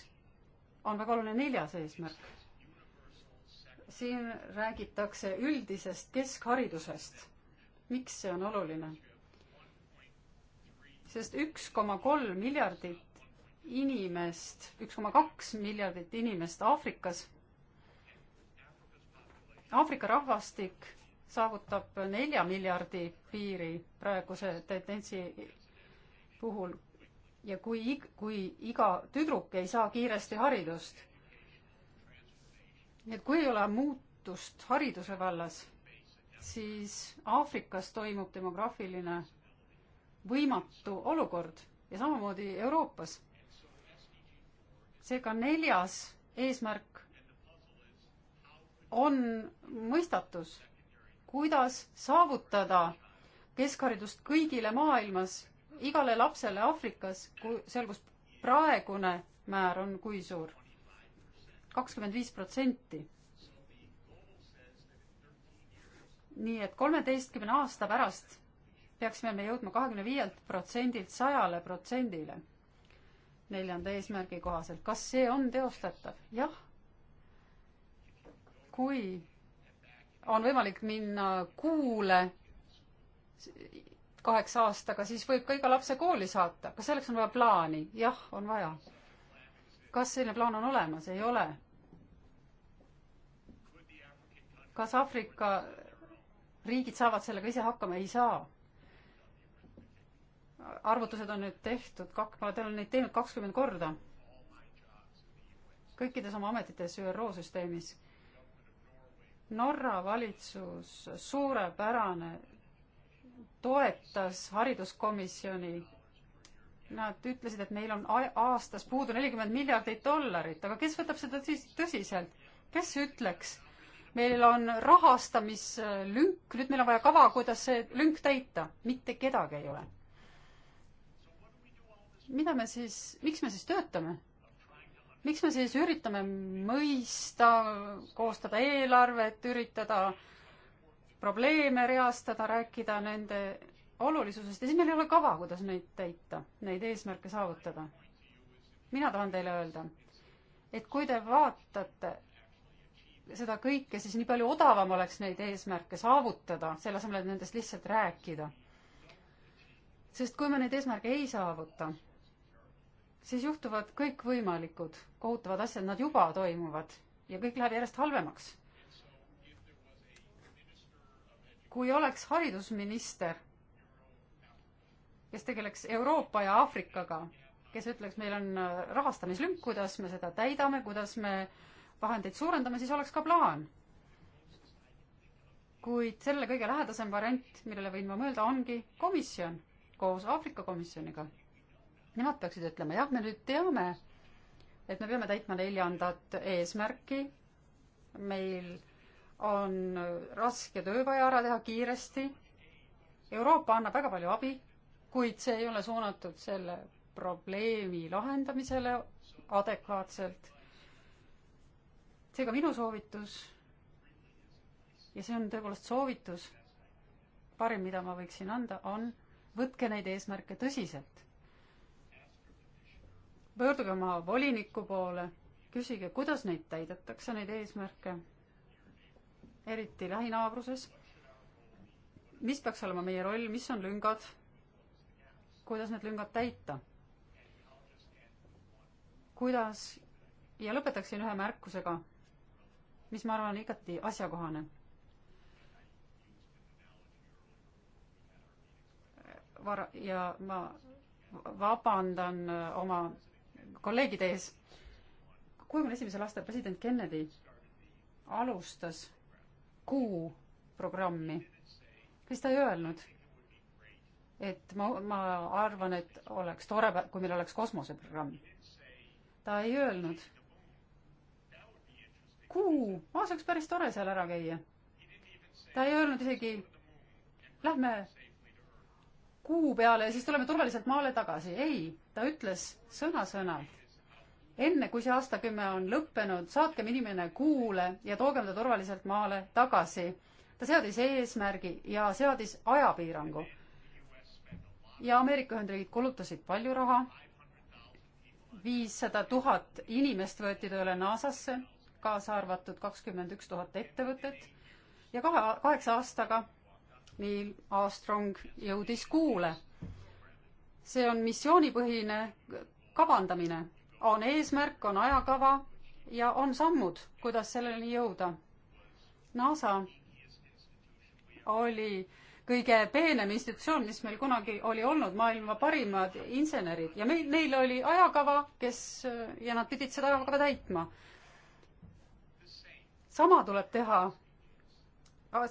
S3: on väga oluline neljas eesmärk siin räägitakse üldisest keskharidusest. miks see on oluline? sest üks koma kolm miljardit inimest, üks koma kaks miljardit inimest Aafrikas, Aafrika rahvastik saavutab nelja miljardi piiri praeguse tendentsi puhul ja kui, kui iga tüdruk ei saa kiiresti haridust nii et kui ei ole muutust hariduse vallas, siis Aafrikas toimub demograafiline võimatu olukord ja samamoodi Euroopas. seega neljas eesmärk on mõistatus, kuidas saavutada keskharidust kõigile maailmas, igale lapsele Aafrikas, seal, kus praegune määr on kui suur kakskümmend viis protsenti. nii et kolmeteistkümne aasta pärast peaksime me jõudma kahekümne viielt protsendilt sajale protsendile neljanda eesmärgi kohaselt. kas see on teostatav? jah. kui on võimalik minna kuule kaheksa aastaga, siis võib ka iga lapse kooli saata. kas selleks on vaja plaani? jah, on vaja kas selline plaan on olemas? ei ole. kas Aafrika riigid saavad sellega ise hakkama? ei saa. arvutused on nüüd tehtud, kak-, ma olen neid teinud kakskümmend korda. kõikides oma ametites ÜRO süsteemis. Norra valitsus, suurepärane, toetas hariduskomisjoni Nad ütlesid, et neil on aastas puudu nelikümmend miljardit dollarit, aga kes võtab seda siis tõsiselt? kes ütleks, meil on rahastamislünk, nüüd meil on vaja kava, kuidas see lünk täita, mitte kedagi ei ole. mida me siis, miks me siis töötame? miks me siis üritame mõista, koostada eelarvet, üritada probleeme reastada, rääkida nende olulisusest ja siis meil ei ole kava, kuidas neid täita, neid eesmärke saavutada. mina tahan teile öelda, et kui te vaatate seda kõike, siis nii palju odavam oleks neid eesmärke saavutada, selle asemel, et nendest lihtsalt rääkida. sest kui me neid eesmärke ei saavuta, siis juhtuvad kõikvõimalikud kohutavad asjad, nad juba toimuvad ja kõik läheb järjest halvemaks. kui oleks haridusminister, kes tegeleks Euroopa ja Aafrikaga, kes ütleks, meil on äh, rahastamislünk, kuidas me seda täidame, kuidas me vahendeid suurendame, siis oleks ka plaan. kuid selle kõige lähedasem variant, millele võin ma mõelda, ongi komisjon koos Aafrika komisjoniga. Nemad peaksid ütlema, jah, me nüüd teame, et me peame täitma neljandat eesmärki, meil on äh, raske töö vaja ära teha kiiresti, Euroopa annab väga palju abi kuid see ei ole suunatud selle probleemi lahendamisele adekvaatselt. seega minu soovitus ja see on tõepoolest soovitus, parim, mida ma võiksin anda, on võtke neid eesmärke tõsiselt. pöörduge oma voliniku poole, küsige, kuidas neid täidetakse, neid eesmärke, eriti lähinaabruses. mis peaks olema meie roll, mis on lüngad kuidas need lüngad täita. kuidas, ja lõpetaksin ühe märkusega, mis ma arvan igati asjakohane. Var-, ja ma vabandan äh, oma kolleegide ees. kuuekümne esimesel aastal president Kennedy alustas kuu programmi, mis ta ei öelnud et ma, ma arvan, et oleks tore, kui meil oleks kosmoseprogramm. ta ei öelnud. kuu, ma saaks päris tore seal ära käia. ta ei öelnud isegi, lähme kuu peale ja siis tuleme turvaliselt maale tagasi. ei, ta ütles sõna-sõnalt. enne kui see aastakümme on lõppenud, saatkem inimene kuule ja toogem ta turvaliselt maale tagasi. ta seadis eesmärgi ja seadis ajapiirangu ja Ameerika Ühendriigid kulutasid palju raha. viissada tuhat inimest võeti tööle NASA-sse, kaasa arvatud kakskümmend üks tuhat ettevõtet ja kahe, kaheksa aastaga Neil Armstrong jõudis Kuule. see on missioonipõhine kavandamine, on eesmärk, on ajakava ja on sammud, kuidas selleni jõuda. NASA oli kõige peenem institutsioon, mis meil kunagi oli olnud, maailma parimad insenerid ja meil, neil oli ajakava, kes ja nad pidid seda ajakava täitma. sama tuleb teha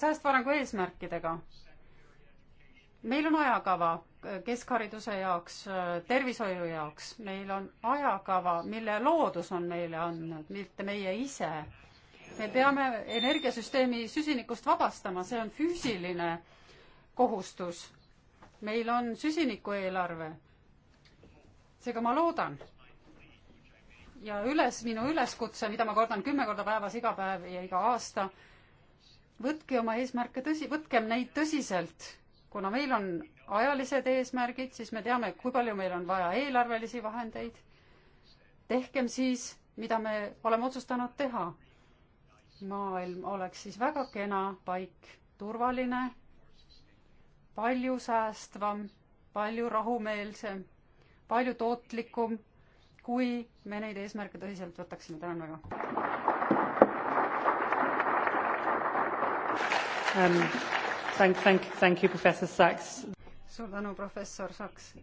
S3: säästva arengu eesmärkidega. meil on ajakava keskhariduse jaoks, tervishoiu jaoks, meil on ajakava, mille loodus on meile andnud, mitte meie ise. me peame energiasüsteemi süsinikust vabastama, see on füüsiline kohustus. meil on süsinikueelarve. seega ma loodan. ja üles, minu üleskutse, mida ma kordan kümme korda päevas, iga päev ja iga aasta, võtke oma eesmärke tõsi, võtkem neid tõsiselt. kuna meil on ajalised eesmärgid, siis me teame, kui palju meil on vaja eelarvelisi vahendeid. tehkem siis, mida me oleme otsustanud teha. maailm oleks siis väga kena paik, turvaline palju säästvam, palju rahumeelsem, palju tootlikum, kui me neid eesmärke tõsiselt võtaksime. tänan väga um,. Thank, thank, thank you, professor Saks. suur tänu, professor Saks.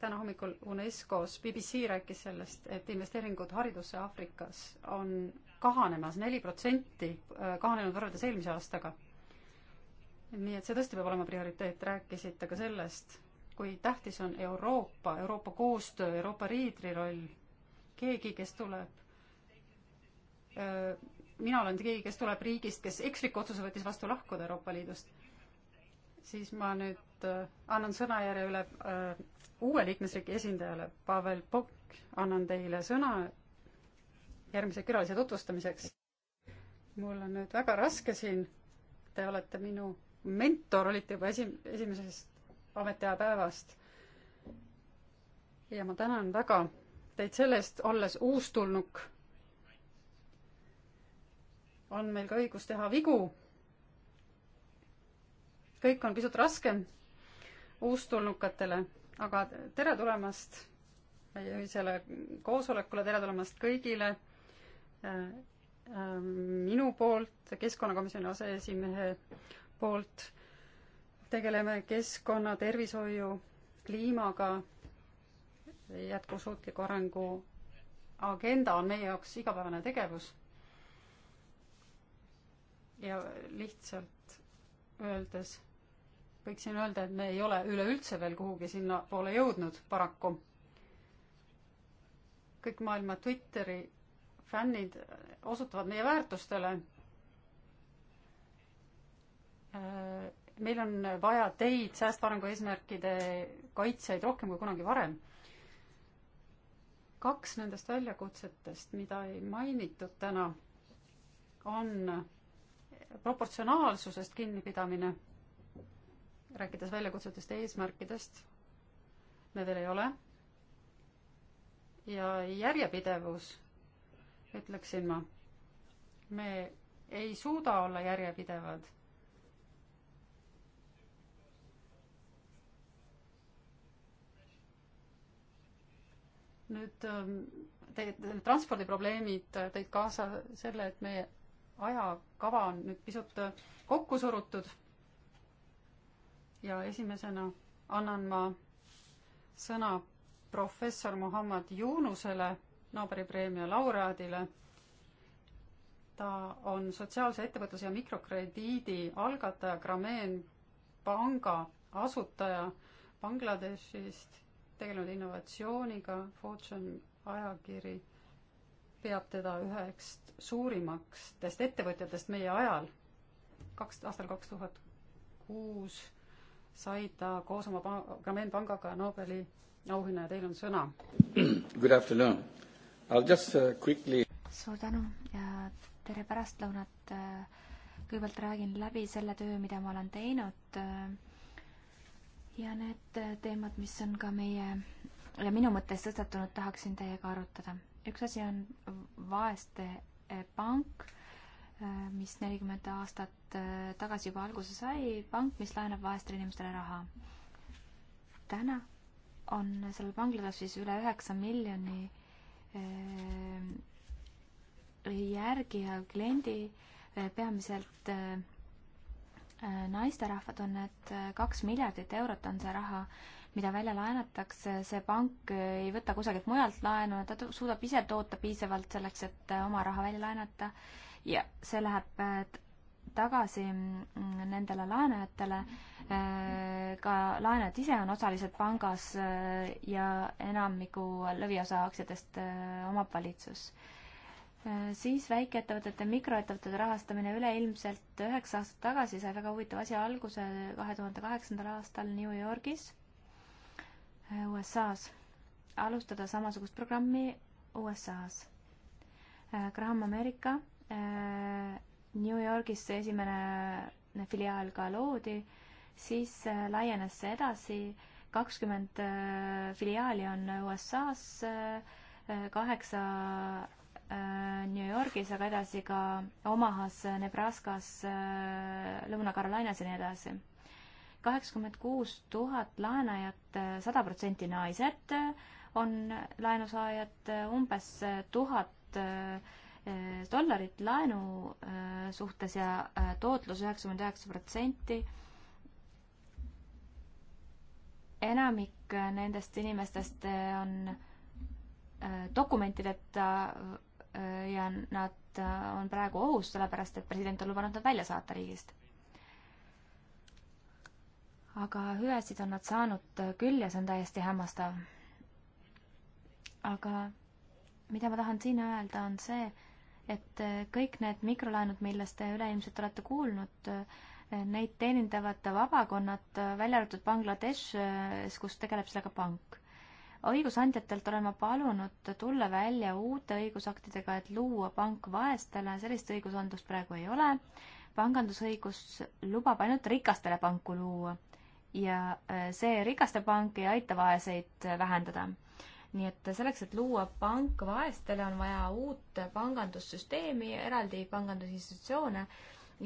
S3: täna hommikul UNESCO-s BBC rääkis sellest, et investeeringud haridusse Aafrikas on kahanemas neli protsenti, äh, kahanenud võrreldes eelmise aastaga nii et see tõesti peab olema prioriteet, rääkisite ka sellest, kui tähtis on Euroopa, Euroopa koostöö, Euroopa liidri roll. keegi, kes tuleb, mina olen keegi, kes tuleb riigist, kes eksliku otsuse võttis vastu lahkuda Euroopa Liidust, siis ma nüüd annan sõnajärje üle uue liikmesriigi esindajale, Pavel Pokk, annan teile sõna järgmise külalise tutvustamiseks. mul on nüüd väga raske siin, te olete minu mentor olite juba esi, esimesest ametiaja päevast. ja ma tänan väga teid selle eest, olles uustulnuk, on meil ka õigus teha vigu. kõik on pisut raskem uustulnukatele, aga tere tulemast meie ühisele koosolekule, tere tulemast kõigile äh, äh, minu poolt keskkonnakomisjoni aseesimehe poolt tegeleme keskkonna, tervishoiu, kliimaga, jätkusuutliku arengu agenda on meie jaoks igapäevane tegevus ja lihtsalt öeldes võiksin öelda, et me ei ole üleüldse veel kuhugi sinnapoole jõudnud paraku. kõik maailma Twitteri fännid osutavad meie väärtustele meil on vaja teid säästva arengu eesmärkide kaitsjaid rohkem kui kunagi varem. kaks nendest väljakutsetest, mida ei mainitud täna, on proportsionaalsusest kinnipidamine, rääkides väljakutsetest ja eesmärkidest, me veel ei ole, ja järjepidevus, ütleksin ma, me ei suuda olla järjepidevad nüüd ähm, te, transpordiprobleemid äh, tõid kaasa selle, et meie ajakava on nüüd pisut äh, kokku surutud. ja esimesena annan ma sõna professor Muhamed Juunusele, Nobeli preemia laureaadile. ta on sotsiaalse ettevõtluse ja mikrokrediidi algataja, Grameen panga asutaja Bangladeshist tegelenud innovatsiooniga, Fortune ajakiri peab teda üheks suurimakstest ettevõtjatest meie ajal. kaks, aastal kaks tuhat kuus sai ta koos oma Grameen pangaga Nobeli auhinna ja teil on sõna. Good afternoon. I will just uh, quickly
S2: suur tänu ja tere pärastlõunat. kõigepealt räägin läbi selle töö, mida ma olen teinud ja need äh, teemad, mis on ka meie ja minu mõttes tõstatunud, tahaksin teiega arutada. üks asi on vaeste äh, pank, äh, mis nelikümmend aastat tagasi juba alguse sai, pank, mis laenab vaestele inimestele raha. täna on seal Bangladeshis üle üheksa miljoni järgija kliendi, peamiselt Äh, naisterahvad on need, äh, kaks miljardit eurot on see raha, mida välja laenatakse, see pank äh, ei võta kusagilt mujalt laenu, ta suudab ise toota piisavalt selleks, et oma raha välja laenata ja see läheb tagasi mm, nendele laenajatele, ka laenajad ise on osalised pangas ja enamiku lõviosa aktsiatest omab valitsus Äh, siis väikeettevõtete, mikroettevõtete rahastamine üleilmselt üheksa aastat tagasi sai väga huvitava asja alguse kahe tuhande kaheksandal aastal New Yorgis, äh, USA-s. alustada samasugust programmi USA-s. Äh, Graham America New Yorgis esimene filiaal ka loodi, siis laienes see edasi, kakskümmend filiaali on USA-s, kaheksa Äh, New Yorgis, aga edasi ka Omahas, Nebraskas, äh, Lõuna-Carolinas ja nii edasi. kaheksakümmend kuus tuhat laenajat, äh, sada protsenti naised on laenusaajad, umbes tuhat dollarit laenu suhtes ja tootlus üheksakümmend üheksa protsenti enamik nendest inimestest on dokumentideta Äh, ja nad äh, on praegu ohus, sellepärast et president on lubanud nad välja saata riigist. aga hüvesid on nad saanud äh, küll ja see on täiesti hämmastav. aga mida ma tahan siin öelda, on see, et kõik need mikrolaenud, millest te üleilmselt olete kuulnud, neid teenindavad vabakonnad, välja arvatud Bangladeshis, kus tegeleb sellega pank õigusandjatelt olen ma palunud tulla välja uute õigusaktidega, et luua pank vaestele, sellist õigusandlust praegu ei ole. pangandusõigus lubab ainult rikastele panku luua ja äh, see rikaste pank ei aita vaeseid äh, vähendada nii et selleks, et luua pank vaestele, on vaja uut pangandussüsteemi, eraldi pangandusinstitutsioone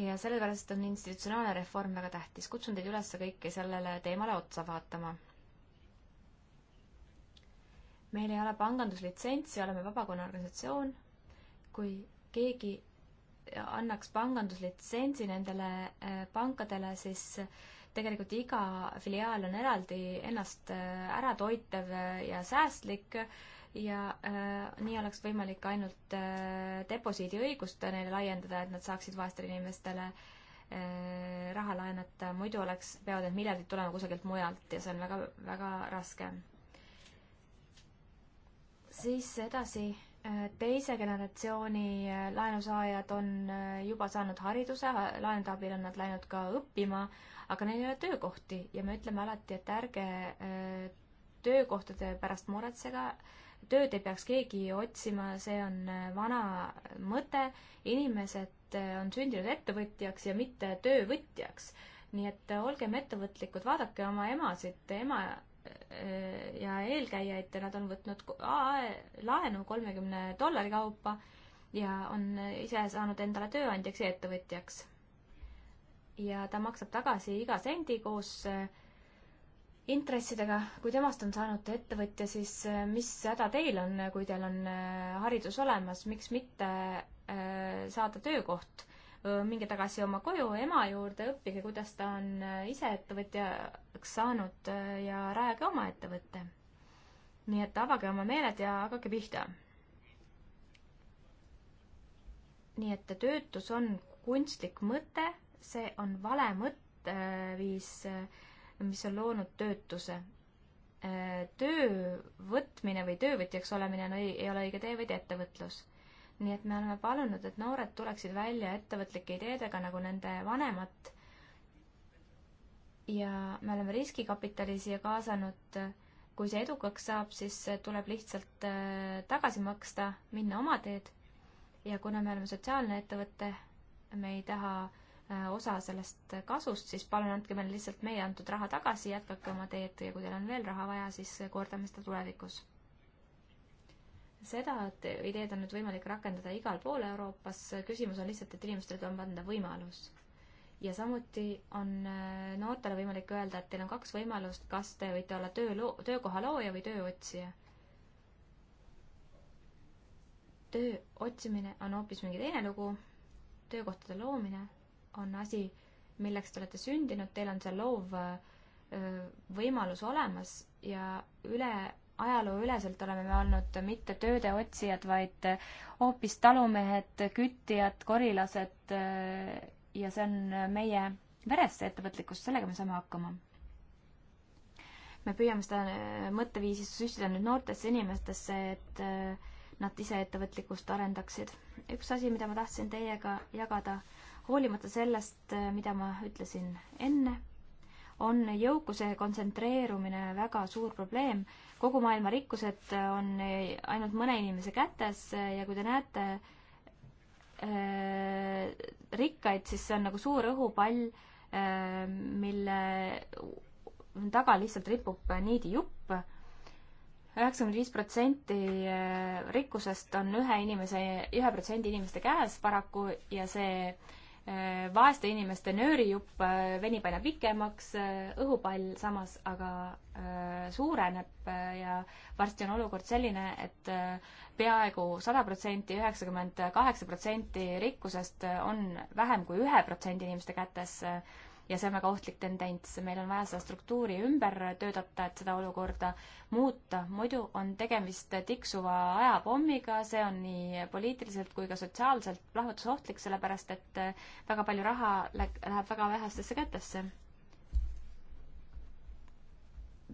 S2: ja sellepärast on institutsionaalne reform väga tähtis. kutsun teid üles kõiki sellele teemale otsa vaatama meil ei ole panganduslitsentsi, oleme vabakonna organisatsioon. kui keegi annaks panganduslitsentsi nendele äh, pankadele, siis äh, tegelikult iga filiaal on eraldi ennast äh, ära toitev ja säästlik ja äh, nii oleks võimalik ainult äh, deposiidiõigust neile laiendada, et nad saaksid vaestele inimestele äh, raha laenata, muidu oleks, peavad need miljardid tulema kusagilt mujalt ja see on väga, väga raske siis edasi, äh, teise generatsiooni äh, laenusaajad on äh, juba saanud hariduse, laenude abil on nad läinud ka õppima, aga neil ei ole töökohti ja me ütleme alati, et ärge töökohtade pärast muretsege, tööd ei peaks keegi otsima, see on vana mõte, inimesed on sündinud ettevõtjaks ja mitte töövõtjaks. nii et olgem ettevõtlikud, vaadake oma emasid, ema ja eelkäijaid, nad on võtnud laenu kolmekümne dollari kaupa ja on ise saanud endale tööandjaks ja ettevõtjaks. ja ta maksab tagasi iga sendi koos äh, intressidega, kui temast on saanud ettevõtja, siis äh, mis häda teil on, kui teil on äh, haridus olemas, miks mitte saada töökoht minge tagasi oma koju ema juurde, õppige, kuidas ta on äh, ise ettevõtjaks saanud äh, ja rajage oma ettevõtte. nii et avage oma meeled ja hakake pihta. nii et töötus on kunstlik mõte, see on vale mõtteviis, äh, mis on loonud töötuse. töö võtmine või töövõtjaks olemine on õi-, ei ole õige tee, vaid ettevõtlus nii et me oleme palunud, et noored tuleksid välja ettevõtlike ideedega nagu nende vanemad. ja me oleme riskikapitali siia kaasanud. kui see edukaks saab, siis tuleb lihtsalt äh, tagasi maksta, minna oma teed. ja kuna me oleme sotsiaalne ettevõte, me ei taha äh, osa sellest kasust, siis palun andke meile lihtsalt meie antud raha tagasi, jätkake oma teed ja kui teil on veel raha vaja, siis kordame seda tulevikus seda, et ideed on nüüd võimalik rakendada igal pool Euroopas, küsimus on lihtsalt, et inimestele tuleb anda võimalus. ja samuti on äh, noortele võimalik öelda, et teil on kaks võimalust, kas te võite olla töö loo-, töökoha looja või tööotsija. töö otsimine on hoopis mingi teine lugu, töökohtade loomine on asi, milleks te olete sündinud, teil on see loov äh, võimalus olemas ja üle ajalooüleselt oleme me olnud mitte tööde otsijad, vaid hoopis talumehed, küttijad, korilased äh, ja see on meie veres, see ettevõtlikkus, sellega me saame hakkama. me püüame seda äh, mõtteviisi süstida nüüd noortesse inimestesse, et äh, nad ise ettevõtlikkust arendaksid. üks asi, mida ma tahtsin teiega jagada, hoolimata sellest, mida ma ütlesin enne on jõukuse kontsentreerumine väga suur probleem. kogu maailma rikkused on ainult mõne inimese kätes ja kui te näete äh, rikkaid, siis see on nagu suur õhupall äh,, mille taga lihtsalt ripub niidijupp. üheksakümmend viis protsenti äh, rikkusest on ühe inimese, ühe protsendi inimeste käes paraku ja see äh, Äh, vaeste inimeste nöörijupp äh, venib aina pikemaks, äh, õhupall samas aga suureneb ja varsti on olukord selline et, et peaaegu sada protsenti, üheksakümmend kaheksa protsenti rikkusest on vähem kui ühe protsendi inimeste kätes ja see on väga ohtlik tendents. meil on vaja seda struktuuri ümber töötada, et seda olukorda muuta, muidu on tegemist tiksuva ajapommiga, see on nii poliitiliselt kui ka sotsiaalselt plahvatusohtlik, sellepärast et äh, väga palju raha läheb väga vähestesse kätesse.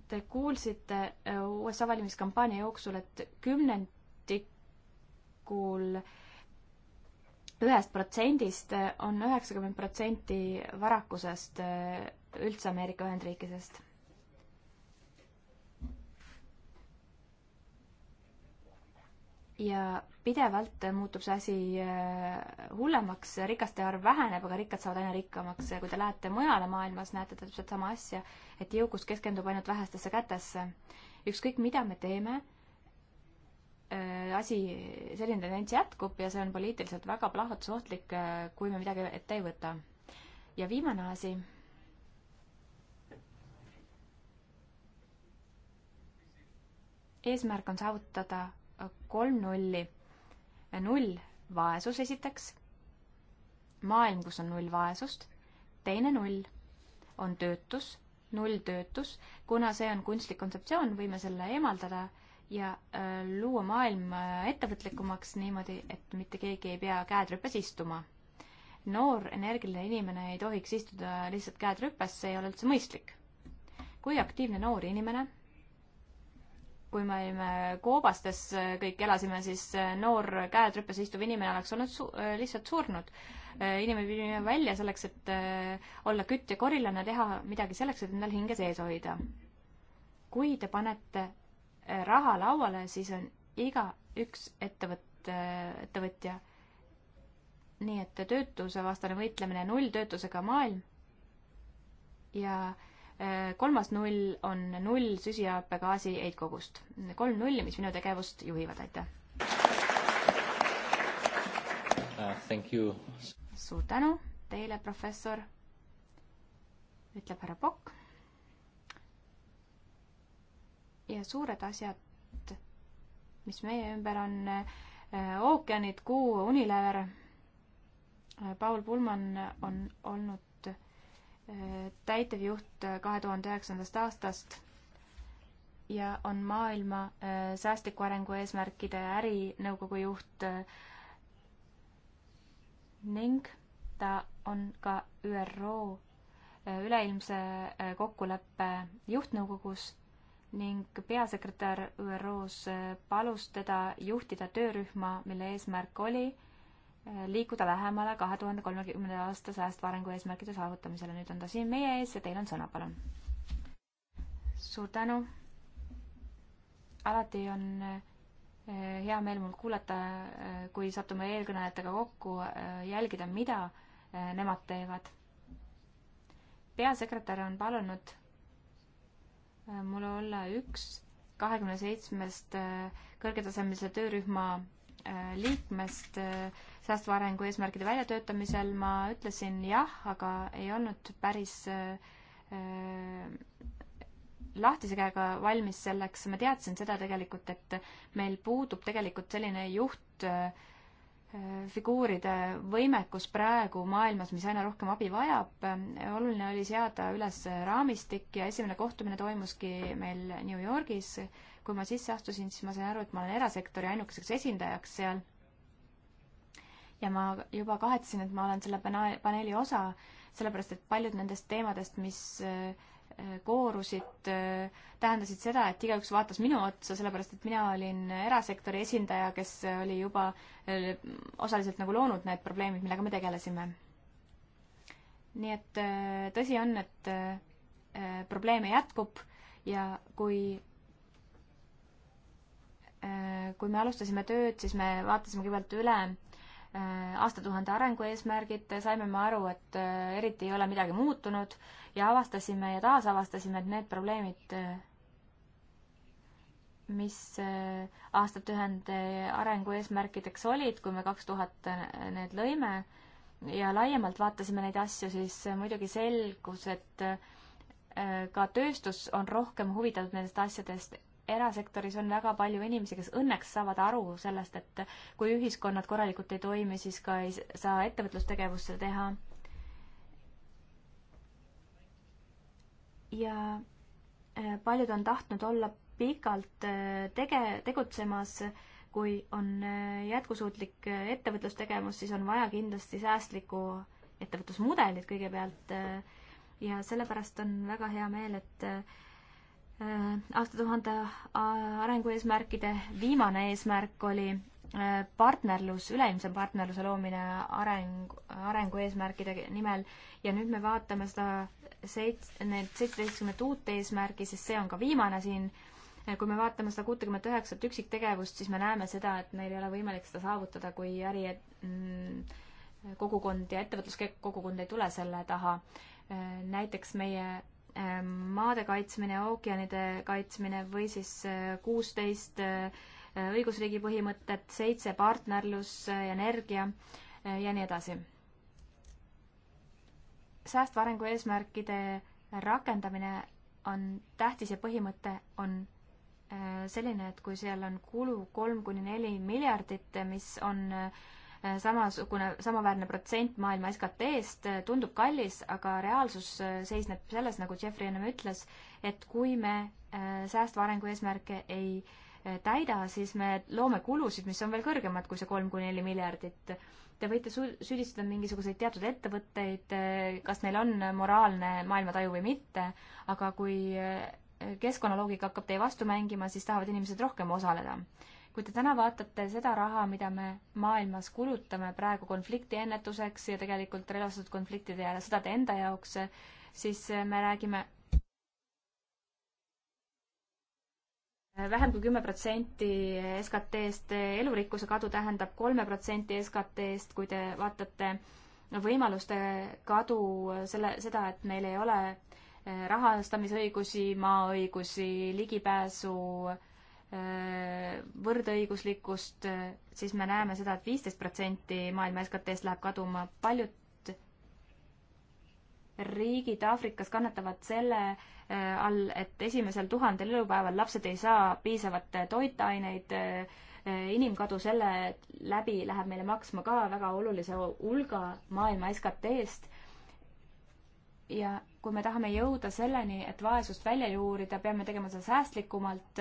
S2: Te kuulsite äh, USA valimiskampaania jooksul, et kümnendikul äh, ühest protsendist eh, on üheksakümmend protsenti varakusest eh, üldse Ameerika Ühendriikidest. ja pidevalt muutub see asi eh, hullemaks, rikaste arv väheneb, aga rikkad saavad aina rikkamaks ja kui te lähete mujale maailmas, näete täpselt sama asja, et jõukus keskendub ainult vähestesse kätesse. ükskõik, mida me teeme Äh, asi, selline tendents jätkub ja see on poliitiliselt väga plahvatusohtlik, äh, kui me midagi ette ei võta. ja viimane asi. eesmärk on saavutada äh, kolm nulli. null vaesus esiteks, maailm, kus on null vaesust, teine null on töötus, nulltöötus, kuna see on kunstlik kontseptsioon, võime selle eemaldada ja äh, luua maailm äh, ettevõtlikumaks niimoodi, et mitte keegi ei pea käed rüpes istuma. noor energiline inimene ei tohiks istuda lihtsalt käed rüpes, see ei ole üldse mõistlik. kui aktiivne noor inimene, kui me olime koobastes, äh, kõik elasime, siis äh, noor käed rüpes istuv inimene oleks olnud su lihtsalt surnud. inimene pidi välja selleks, et äh, olla kütt ja korilane, teha midagi selleks, et endal hinge sees hoida kui te panete raha lauale, siis on igaüks ettevõtt, ettevõtja. nii et töötusevastane võitlemine, null töötusega maailm ja äh, kolmas null on null süsihappegaasi heitkogust. kolm nulli, mis minu tegevust juhivad, aitäh
S1: uh,!
S2: suur tänu teile, professor, ütleb härra Pokk ja suured asjad, mis meie ümber on äh, ookeanid, Kuu, Unilever. Äh, Paul Pullman on olnud äh, täitevjuht kahe tuhande üheksandast aastast ja on maailma säästliku arengu eesmärkide ärinõukogu juht ning ta on ka ÜRO üleilmse kokkuleppe juhtnõukogus ning peasekretär ÜRO-s palus teda juhtida töörühma, mille eesmärk oli äh, liikuda lähemale kahe tuhande kolmekümnenda aasta säästva arengu eesmärkide saavutamisele. nüüd on ta siin meie ees ja teil on sõna, palun. suur tänu. alati on äh, hea meel mul kuulata, äh, kui satume eelkõnelejatega kokku, jälgida, mida nemad teevad. peasekretär on palunud Äh, mul olla üks kahekümne seitsmest äh, kõrgetasemelise töörühma äh, liikmest säästva arengu eesmärkide väljatöötamisel ma ütlesin jah, aga ei olnud päris lahtise käega valmis selleks, ma teadsin seda tegelikult, et meil puudub tegelikult selline juht äh, figuuride võimekus praegu maailmas, mis aina rohkem abi vajab. oluline oli seada üles raamistik ja esimene kohtumine toimuski meil New Yorgis. kui ma sisse astusin, siis ma sain aru, et ma olen erasektori ainukeseks esindajaks seal. ja ma juba kahetsesin, et ma olen selle paneeli osa, sellepärast et paljud nendest teemadest, mis äh, koorusid tähendasid seda, et igaüks vaatas minu otsa, sellepärast et mina olin erasektori esindaja, kes oli juba äh, osaliselt nagu loonud need probleemid, millega me tegelesime. nii et äh, tõsi on, et äh, probleeme jätkub ja kui kui me alustasime tööd, siis me vaatasime kõigepealt üle Äh, aastatuhande arengueesmärgid, saime me aru, et äh, eriti ei ole midagi muutunud ja avastasime ja taasavastasime, et need probleemid, äh, mis aastatuhande arengueesmärkideks olid, kui me kaks tuhat need lõime, ja laiemalt vaatasime neid asju, siis muidugi selgus, et ka tööstus on rohkem huvitatud nendest asjadest erasektoris on väga palju inimesi, kes õnneks saavad aru sellest, et kui ühiskonnad korralikult ei toimi, siis ka ei saa ettevõtlustegevust seda teha. ja äh, paljud on tahtnud olla pikalt äh, tege-, tegutsemas, kui on äh, jätkusuutlik ettevõtlustegevus, siis on vaja kindlasti säästlikku ettevõtlusmudelit kõigepealt ja sellepärast on väga hea meel, et Äh, aastatuhande arengueesmärkide viimane eesmärk oli äh, partnerlus, üleilmse partnerluse loomine areng, arengueesmärkide nimel ja nüüd me vaatame seda seits-, need seitseteistkümmet uut eesmärki, sest see on ka viimane siin. kui me vaatame seda kuutekümmet üheksat üksiktegevust, siis me näeme seda, et meil ei ole võimalik seda saavutada, kui äri mm, kogukond ja ettevõtluskogukond ei tule selle taha. Äh, näiteks meie Ehm, maade kaitsmine, ookeanide kaitsmine või siis eh, kuusteist eh, õigusriigi põhimõtet, seitse partnerlus, eh, energia ja nii edasi. säästva arengu eesmärkide rakendamine on tähtis ja põhimõte on selline, et kui seal on kulu kolm kuni neli miljardit, mis on äh, samasugune, samaväärne protsent maailma SKT-st, äh, tundub kallis, aga reaalsus äh, seisneb selles, nagu Jeffrey ennem ütles, et kui me äh, säästva arengu eesmärke ei täida, siis me loome kulusid, mis on veel kõrgemad kui see kolm kuni neli miljardit. Te võite süüdistada mingisuguseid teatud ettevõtteid, kas neil on moraalne maailmataju või mitte, aga kui keskkonnaloogika hakkab teie vastu mängima, siis tahavad inimesed rohkem osaleda kui te täna vaatate seda raha, mida me maailmas kulutame praegu konflikti ennetuseks ja tegelikult relvastatud konfliktide ja sõdade enda jaoks, siis me räägime vähem kui kümme protsenti SKT-st, elurikkuse kadu tähendab kolme protsenti SKT-st, kui te vaatate võimaluste kadu, selle, seda, et meil ei ole eh, rahastamisõigusi, maaõigusi, ligipääsu äh, Äh, võrdõiguslikkust, äh, siis me näeme seda et, et viisteist protsenti maailma SKT-st läheb kaduma. paljud riigid Aafrikas kannatavad selle äh, all, et esimesel tuhandel elupäeval lapsed ei saa piisavat toitaineid, inimkadu selle läbi läheb meile maksma ka väga olulise hulga maailma SKT-st ja kui me tahame jõuda selleni, et vaesust välja juurida, peame tegema seda säästlikumalt,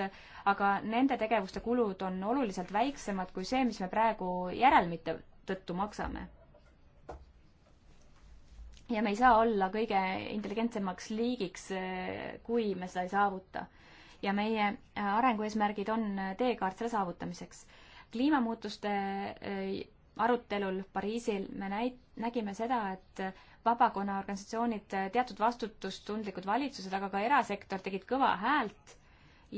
S2: aga nende tegevuste kulud on oluliselt väiksemad kui see, mis me praegu järelmite tõttu maksame. ja me ei saa olla kõige intelligentsemaks liigiks, kui me seda ei saavuta. ja meie arengueesmärgid on teekaart selle saavutamiseks. kliimamuutuste arutelul Pariisil me näit-, nägime seda, et vabakonnaorganisatsioonid, teatud vastutustundlikud valitsused, aga ka erasektor tegid kõva häält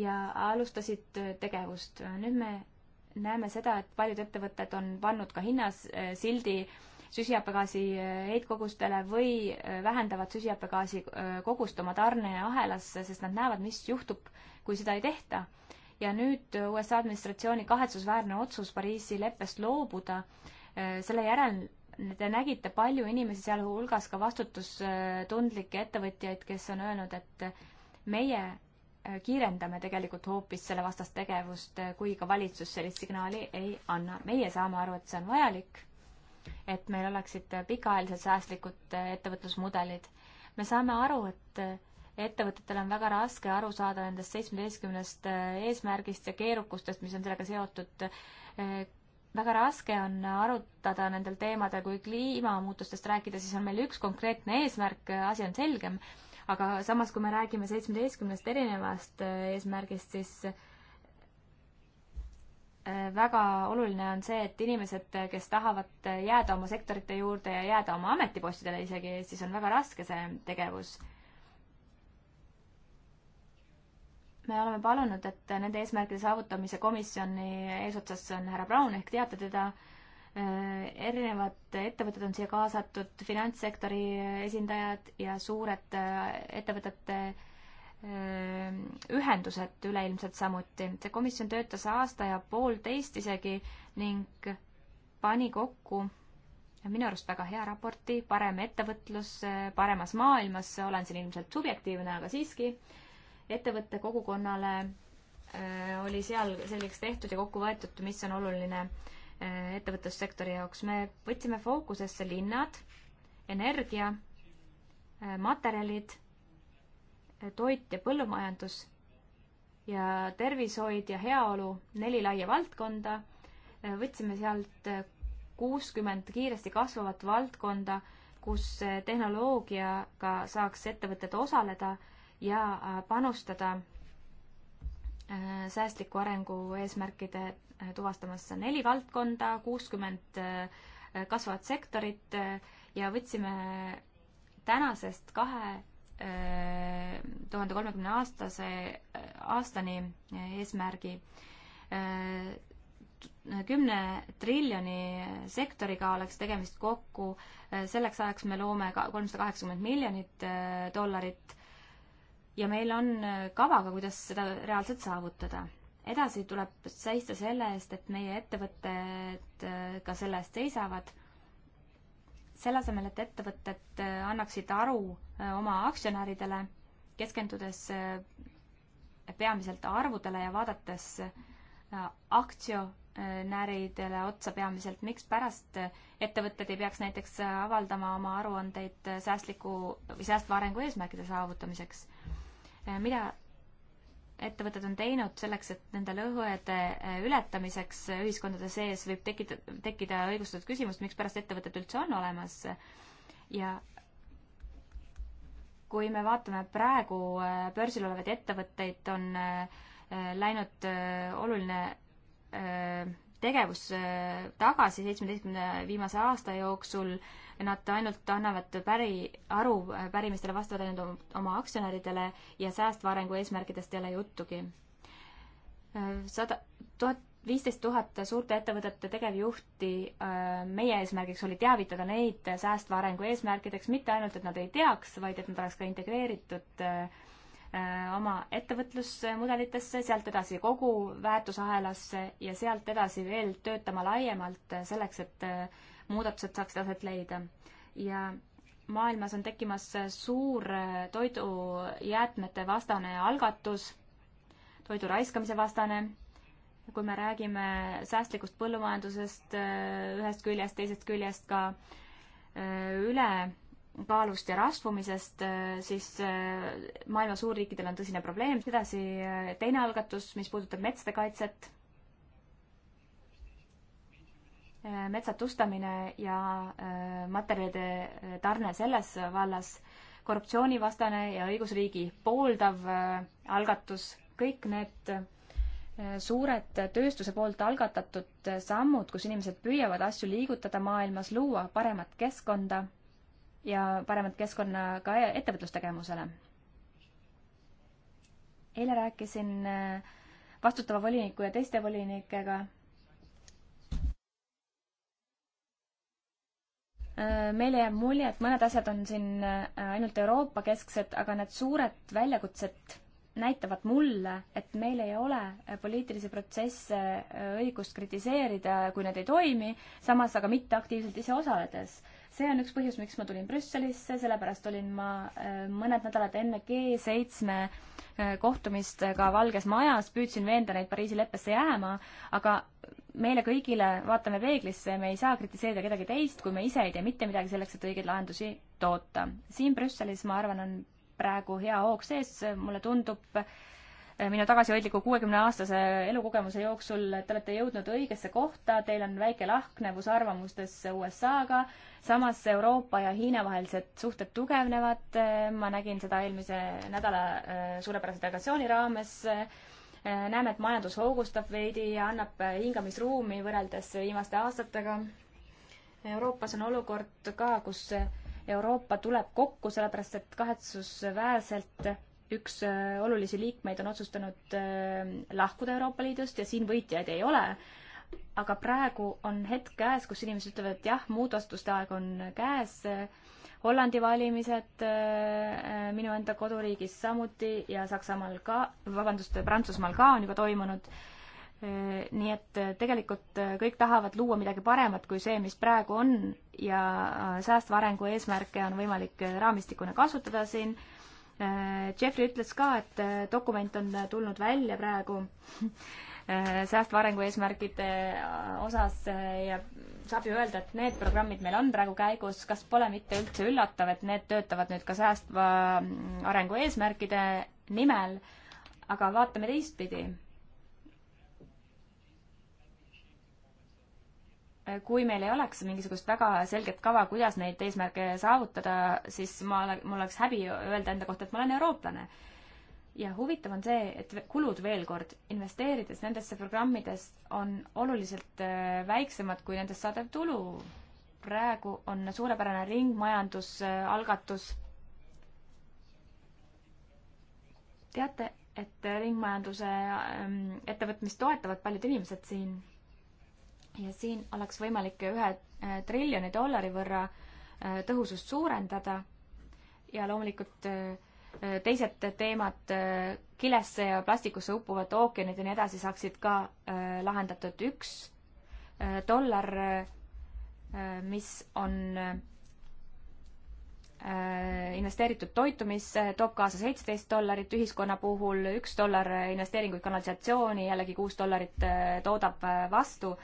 S2: ja alustasid tegevust. nüüd me näeme seda, et paljud ettevõtted on pannud ka hinnas eh, sildi süsihappegaasi eh, heitkogustele või eh, vähendavad süsihappegaasi kogust oma tarneahelasse, sest nad näevad, mis juhtub, kui seda ei tehta ja nüüd USA administratsiooni kahetsusväärne otsus Pariisi leppest loobuda, eh, selle järel te nägite palju inimesi, sealhulgas ka vastutustundlikke ettevõtjaid, kes on öelnud, et meie eh, kiirendame tegelikult hoopis selle vastast tegevust, eh, kui ka valitsus sellist signaali ei anna. meie saame aru, et see on vajalik, et meil oleksid pikaajaliselt säästlikud ettevõtlusmudelid. me saame aru, et ettevõtetel on väga raske aru saada nendest seitsmeteistkümnest äh, eesmärgist ja keerukustest, mis on sellega seotud. Äh, väga raske on arutada nendel teemadel, kui kliimamuutustest rääkida, siis on meil üks konkreetne eesmärk, äh, asi on selgem, aga samas, kui me räägime seitsmeteistkümnest erinevast eesmärgist, siis väga oluline on see, et inimesed, kes tahavad jääda oma sektorite juurde ja jääda oma ametipostidele isegi, siis on väga raske see tegevus me oleme palunud, et nende eesmärkide saavutamise komisjoni eesotsas on härra Brown ehk teate teda. Äh, erinevad ettevõtted on siia kaasatud, finantssektori esindajad ja suured äh, ettevõtete äh, ühendused üleilmselt samuti. see komisjon töötas aasta ja poolteist isegi ning pani kokku minu arust väga hea raporti, parem ettevõtlus paremas maailmas, olen siin ilmselt subjektiivne, aga siiski äh, ettevõtte kogukonnale äh, oli seal selgeks tehtud ja kokku võetud, mis on oluline äh, ettevõtlussektori jaoks. me võtsime fookusesse linnad, energia, äh, materjalid, toit ja põllumajandus ja tervishoid ja heaolu, neli laia valdkonda. võtsime sealt kuuskümmend kiiresti kasvavat valdkonda, kus tehnoloogiaga saaks ettevõtted osaleda ja äh, panustada äh, säästliku arengu eesmärkide äh, tuvastamisse neli valdkonda, kuuskümmend kasvavat sektorit ja võtsime tänasest kahe tuhande kolmekümne aastase, aastani eesmärgi kümne triljoni sektoriga oleks tegemist kokku, selleks ajaks me loome ka kolmsada kaheksakümmend miljonit dollarit ja meil on äh, kava ka, kuidas seda reaalselt saavutada. edasi tuleb seista selle eest, et meie ettevõtted äh, ka selle eest seisavad, selle asemel, et ettevõtted äh, annaksid aru oma aktsionäridele, keskendudes peamiselt arvudele ja vaadates aktsionäridele otsa peamiselt, mikspärast ettevõtted ei peaks näiteks avaldama oma aruandeid säästliku või säästva arengu eesmärkide saavutamiseks Äh, mida ettevõtted on teinud selleks, et nende lõhede äh, ületamiseks äh, ühiskondade sees võib tekita, tekkida õigustatud küsimus, mikspärast ettevõtted üldse on olemas ja kui me vaatame praegu börsil olevaid ettevõtteid, on läinud oluline tegevus äh, tagasi seitsmeteistkümne viimase aasta jooksul. Nad ainult annavad päri, aru äh, pärimistele vastavalt ainult oma aktsionäridele ja säästva arengu eesmärkidest ei ole juttugi. Äh, sada, tuhat, viisteist tuhat suurte ettevõtete tegevjuhti, meie eesmärgiks oli teavitada neid säästva arengu eesmärkideks, mitte ainult, et nad ei teaks, vaid et nad oleks ka integreeritud äh, Äh, oma ettevõtlusmudelitesse, sealt edasi kogu väärtusahelasse ja sealt edasi veel töötama laiemalt äh, selleks, et äh, muudatused saaksid aset leida. ja maailmas on tekkimas suur toidujäätmete vastane algatus, toidu raiskamise vastane, kui me räägime säästlikust põllumajandusest ühest küljest, teisest küljest ka üle kaalust ja rasvumisest, äh, siis äh, maailma suurriikidel on tõsine probleem. edasi äh, teine algatus, mis puudutab metsade kaitset. metsa tustamine ja materjalide tarne selles vallas, korruptsioonivastane ja õigusriigi pooldav algatus, kõik need suured tööstuse poolt algatatud sammud, kus inimesed püüavad asju liigutada maailmas, luua paremat keskkonda ja paremat keskkonna ka e-, ettevõtlustegevusele. eile rääkisin äh, vastutava voliniku ja teiste volinikega. Äh, meile jääb mulje, et mõned asjad on siin äh, ainult Euroopa kesksed, aga need suured väljakutsed näitavad mulle, et meil ei ole poliitilisi protsesse õigust kritiseerida, kui need ei toimi, samas aga mitte aktiivselt ise osaledes see on üks põhjus, miks ma tulin Brüsselisse, sellepärast olin ma äh, mõned nädalad enne G7 äh, kohtumist ka Valges Majas, püüdsin veenda neid Pariisi leppesse jääma, aga meile kõigile, vaatame peeglisse, me ei saa kritiseerida kedagi teist, kui me ise ei tee mitte midagi selleks, et õigeid lahendusi toota. siin Brüsselis, ma arvan, on praegu hea hoog sees, mulle tundub äh, Äh, minu tagasihoidliku kuuekümne aastase elukogemuse jooksul te olete jõudnud õigesse kohta, teil on väike lahknevus arvamustes USA-ga, samas Euroopa ja Hiina vahelised suhted tugevnevad, äh, ma nägin seda eelmise nädala äh, suurepärase delegatsiooni raames, näeme, et majandus hoogustab veidi ja annab hingamisruumi võrreldes viimaste aastatega. Euroopas on olukord ka, kus Euroopa tuleb kokku, sellepärast et kahetsusväärselt üks äh, olulisi liikmeid on otsustanud äh, lahkuda Euroopa Liidust ja siin võitjaid ei ole. aga praegu on hetk käes, kus inimesed ütlevad, et jah, muudatuste aeg on käes. Hollandi valimised äh, minu enda koduriigis samuti ja Saksamaal ka, vabandust, Prantsusmaal ka on juba toimunud. nii et tegelikult kõik tahavad luua midagi paremat kui see, mis praegu on ja säästva arengu eesmärke on võimalik raamistikuna kasutada siin Äh, Jeffrey ütles ka, et äh, dokument on äh, tulnud välja praegu säästva arengu eesmärgide osas ja saab ju öelda, et need programmid meil on praegu käigus, kas pole mitte üldse üllatav, et need töötavad nüüd ka säästva mm, arengu eesmärkide nimel, aga vaatame teistpidi kui meil ei oleks mingisugust väga selget kava, kuidas neid eesmärke saavutada, siis ma, mul oleks häbi öelda enda kohta, et ma olen eurooplane. ja huvitav on see, et kulud veel kord, investeerides nendesse programmides, on oluliselt äh, väiksemad kui nendest saadav tulu. praegu on suurepärane ringmajandusalgatus. Äh, teate, et ringmajanduse äh, ettevõtmist toetavad paljud inimesed siin ja siin oleks võimalik ühe äh, triljoni dollari võrra äh, tõhusust suurendada ja loomulikult äh, teised teemad, kilesse ja plastikusse uppuvad ookeanid ja nii edasi saaksid ka lahendatud. üks dollar, mis on Äh, investeeritud toitumisse toob kaasa seitseteist dollarit, ühiskonna puhul üks dollar investeeringuid kanalisatsiooni, jällegi kuus dollarit äh, toodab äh, vastu.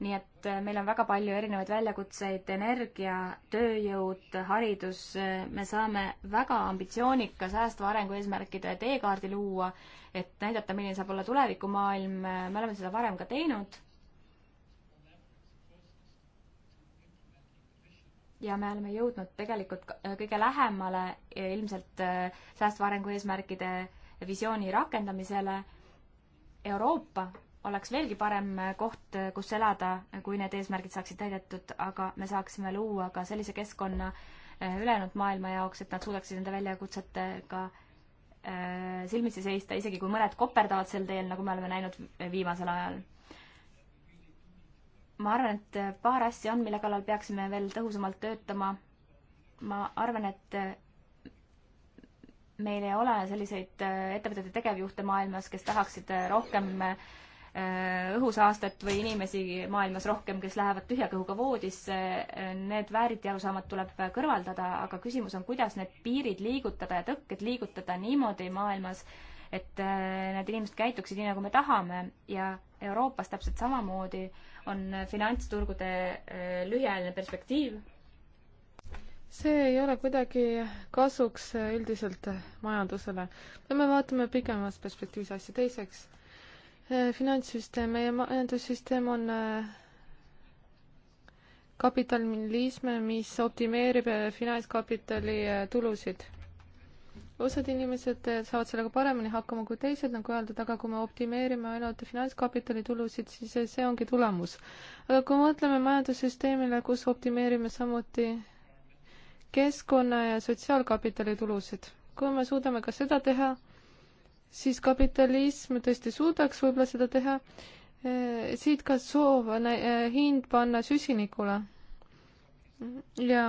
S2: nii et meil on väga palju erinevaid väljakutseid, energia, tööjõud, haridus, me saame väga ambitsioonika säästva arengu eesmärkide teekaardi luua, et näidata, milline saab olla tulevikumaailm, me oleme seda varem ka teinud ja me oleme jõudnud tegelikult äh, kõige lähemale ilmselt äh, säästva arengu eesmärkide visiooni rakendamisele. Euroopa oleks veelgi parem äh, koht, kus elada, kui need eesmärgid saaksid täidetud, aga me saaksime luua ka sellise keskkonna ülejäänud maailma jaoks, et nad suudaksid nende väljakutsetega silmitsi seista, isegi kui mõned koperdavad sel teel, nagu me oleme näinud viimasel ajal ma arvan, et paar asja on, mille kallal peaksime veel tõhusamalt töötama. ma arvan, et meil ei ole selliseid äh, ettevõtete tegevjuhte maailmas, kes tahaksid äh, rohkem äh, õhusaastet või inimesi maailmas rohkem, kes lähevad tühja kõhuga voodisse, need vääriti arusaamad tuleb kõrvaldada, aga küsimus on, kuidas need piirid liigutada ja tõkked liigutada niimoodi maailmas, et need inimesed käituksid nii, nagu me tahame ja Euroopas täpselt samamoodi äh, on finantsturgude äh, lühiajaline perspektiiv.
S1: see ei ole kuidagi kasuks üldiselt majandusele. kui me vaatame pikemas perspektiivis asja, teiseks äh, finantssüsteem, meie majandussüsteem on äh, kapitalism, mis optimeerib finantskapitali tulusid osad inimesed eh, saavad sellega paremini hakkama kui teised, nagu öeldud, aga kui me optimeerime ainult finantskapitali tulusid, siis see ongi tulemus. aga kui mõtleme majandussüsteemile, kus optimeerime samuti keskkonna ja sotsiaalkapitali tulusid, kui me suudame ka seda teha, siis kapitalism tõesti suudaks võib-olla seda teha, eh, siit ka soov eh, hind panna süsinikule ja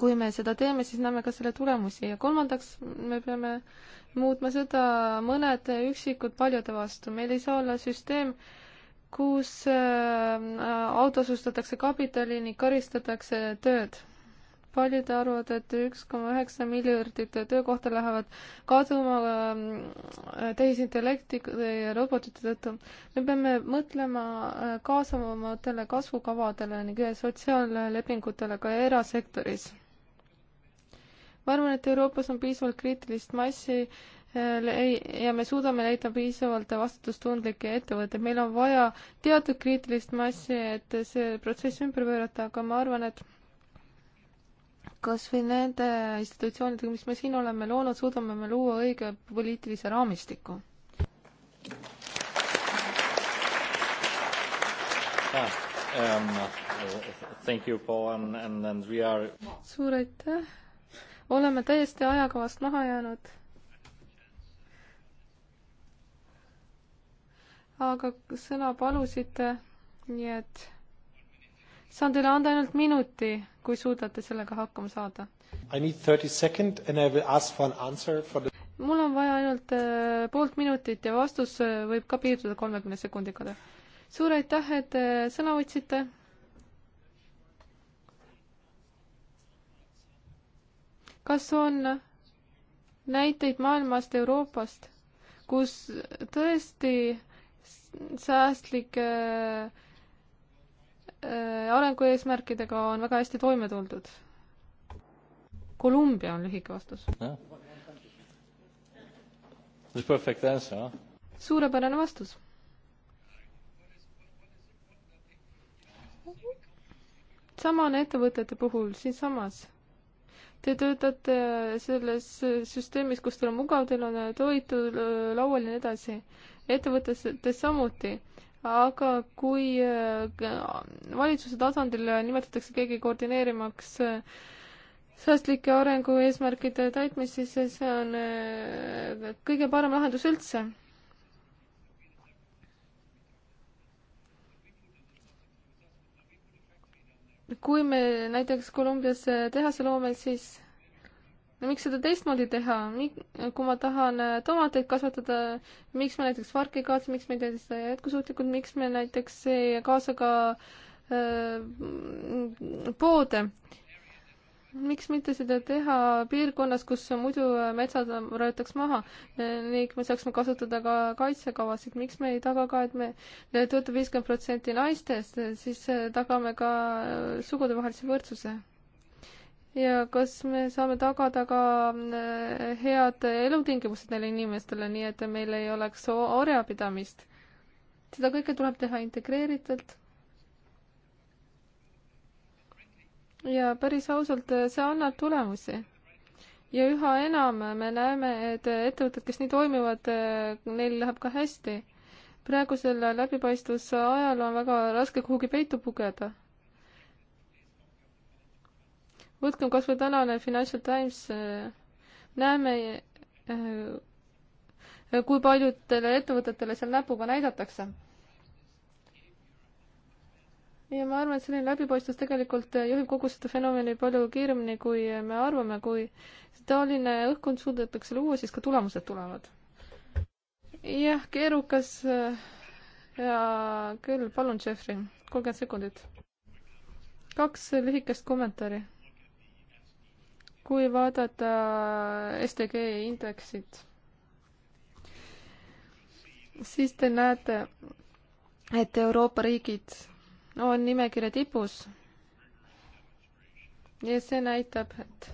S1: kui me seda teeme, siis näeme ka selle tulemusi ja kolmandaks me peame muutma seda mõnede üksikud paljude vastu, meil ei saa olla süsteem, kus äh, autasustatakse kapitali ning karistatakse tööd. paljud arvavad, et üks koma üheksa miljardit töökohta lähevad kaduma äh, tehisintellekti ja robotite tõttu. me peame mõtlema äh, kaasavamatele kasvukavadele ning sotsiaallepingutele ka erasektoris ma arvan, et Euroopas on piisavalt kriitilist massi äh, ja me suudame leida piisavalt vastutustundlikke ettevõtteid, meil on vaja teatud kriitilist massi, et see protsess ümber pöörata, aga ma arvan, et kas või nende institutsioonidega, mis me siin oleme loonud, suudame me luua õige poliitilise raamistiku ah,. Um, uh, thank you, Paul, and, and we are. suur aitäh oleme täiesti ajakavast maha jäänud. aga sõna palusite, nii et saan teile anda ainult minuti, kui suudate sellega hakkama saada. An the... mul on vaja ainult äh, poolt minutit ja vastus äh, võib ka piirduda kolmekümne sekundiga. suur aitäh, et äh, sõna võtsite kas on näiteid maailmast, Euroopast, kus tõesti säästlike äh, arengueesmärkidega on väga hästi toime tuldud? Kolumbia on lühike vastus yeah.. Huh? suurepärane vastus. sama on ettevõtete puhul siinsamas Te töötate selles süsteemis, kus teil on mugav, teil on toitu laual ja nii edasi. ettevõtetes samuti. aga kui äh, valitsuse tasandil nimetatakse keegi koordineerimaks äh, säästlike arengueesmärkide täitmist, siis see on äh, kõige parem lahendus üldse kui me näiteks Kolumbias äh, tehase loome, siis no miks seda teistmoodi teha, kui ma tahan äh, tomateid kasvatada, miks ma näiteks varki ei kaasa, miks me ei tee seda jätkusuutlikult, miks me näiteks ei kaasa ka äh, poode miks mitte seda teha piirkonnas, kus muidu metsad röötaks maha ning me saaksime kasutada ka kaitsekavasid, miks me ei taga ka, et me töötab viiskümmend protsenti naistest, siis tagame ka sugudevahelise võrdsuse. ja kas me saame tagada ka äh, head elutingimused neile inimestele, nii et meil ei oleks orjapidamist? seda kõike tuleb teha integreeritult ja päris ausalt, see annab tulemusi. ja üha enam me näeme, et ettevõtted, kes nii toimivad, neil läheb ka hästi. praegusel läbipaistvuse ajal on väga raske kuhugi peitu pugeda. võtkem kas või tänane Financial Times, näeme eh, kui paljudele ettevõtetele seal näpuga näidatakse ja ma arvan, et selline läbipaistvus tegelikult eh, juhib kogu seda fenomeni palju kiiremini, kui eh, me arvame, kui taoline õhkkond suudetakse luua, siis ka tulemused tulevad. jah, keerukas eh, ja küll, palun, Jeffrey, kolmkümmend sekundit. kaks lühikest kommentaari. kui vaadata STG indeksit, siis te näete, et Euroopa riigid on nimekirja tipus. ja see näitab, et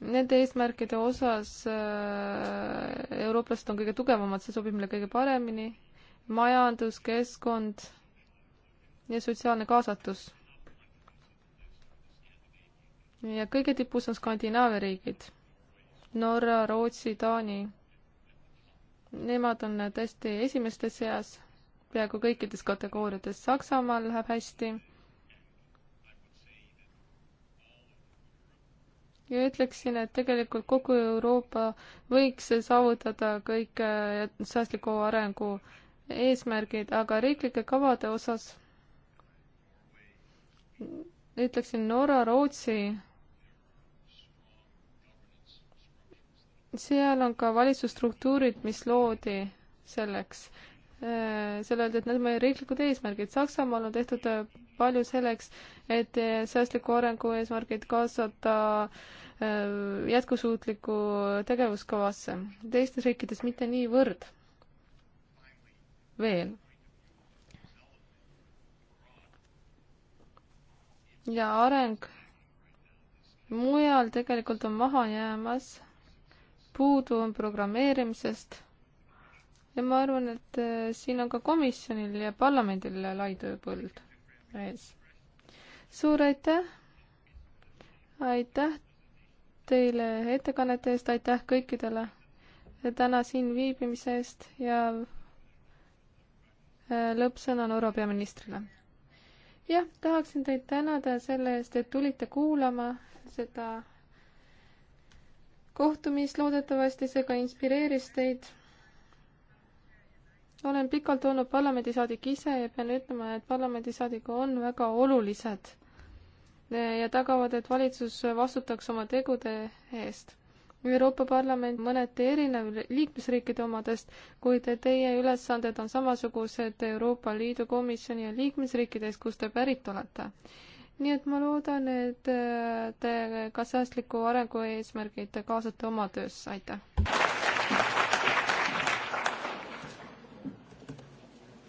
S1: nende eesmärkide osas äh, eurooplased on kõige tugevamad, see sobib meile kõige paremini. majandus, keskkond ja sotsiaalne kaasatus. ja kõige tipus on Skandinaavia riigid. Norra, Rootsi, Taani. Nemad on tõesti esimeste seas peaaegu kõikides kategooriates. Saksamaal läheb hästi. ja ütleksin, et tegelikult kogu Euroopa võiks saavutada kõik äh, säästliku arengu eesmärgid, aga riiklike kavade osas ütleksin Norra, Rootsi seal on ka valitsusstruktuurid, mis loodi selleks Äh, seal öeldi, et need on meie riiklikud eesmärgid. Saksamaal on tehtud äh, palju selleks, et äh, säästliku arengu eesmärgid kaasata jätkusuutliku tegevuskavasse. teistes riikides mitte niivõrd. veel. ja areng mujal tegelikult on maha jäämas. puudu on programmeerimisest ja ma arvan, et äh, siin on ka komisjonil ja parlamendil lai tööpõld ees. suur aitäh! aitäh teile ettekannete eest, aitäh kõikidele täna siin viibimise eest ja äh, lõppsõna Norra peaministrile. jah, tahaksin teid tänada selle eest, et tulite kuulama seda kohtumist, loodetavasti see ka inspireeris teid olen pikalt olnud parlamendisaadik ise ja pean ütlema, et parlamendisaadik on väga olulised ja tagavad, et valitsus vastutaks oma tegude eest. Euroopa Parlament mõneti erinev liikmesriikide omadest, kuid teie ülesanded on samasugused Euroopa Liidu komisjoni ja liikmesriikides, kust te pärit olete. nii et ma loodan, et te ka säästliku arengu eesmärgid kaasate oma töösse, aitäh!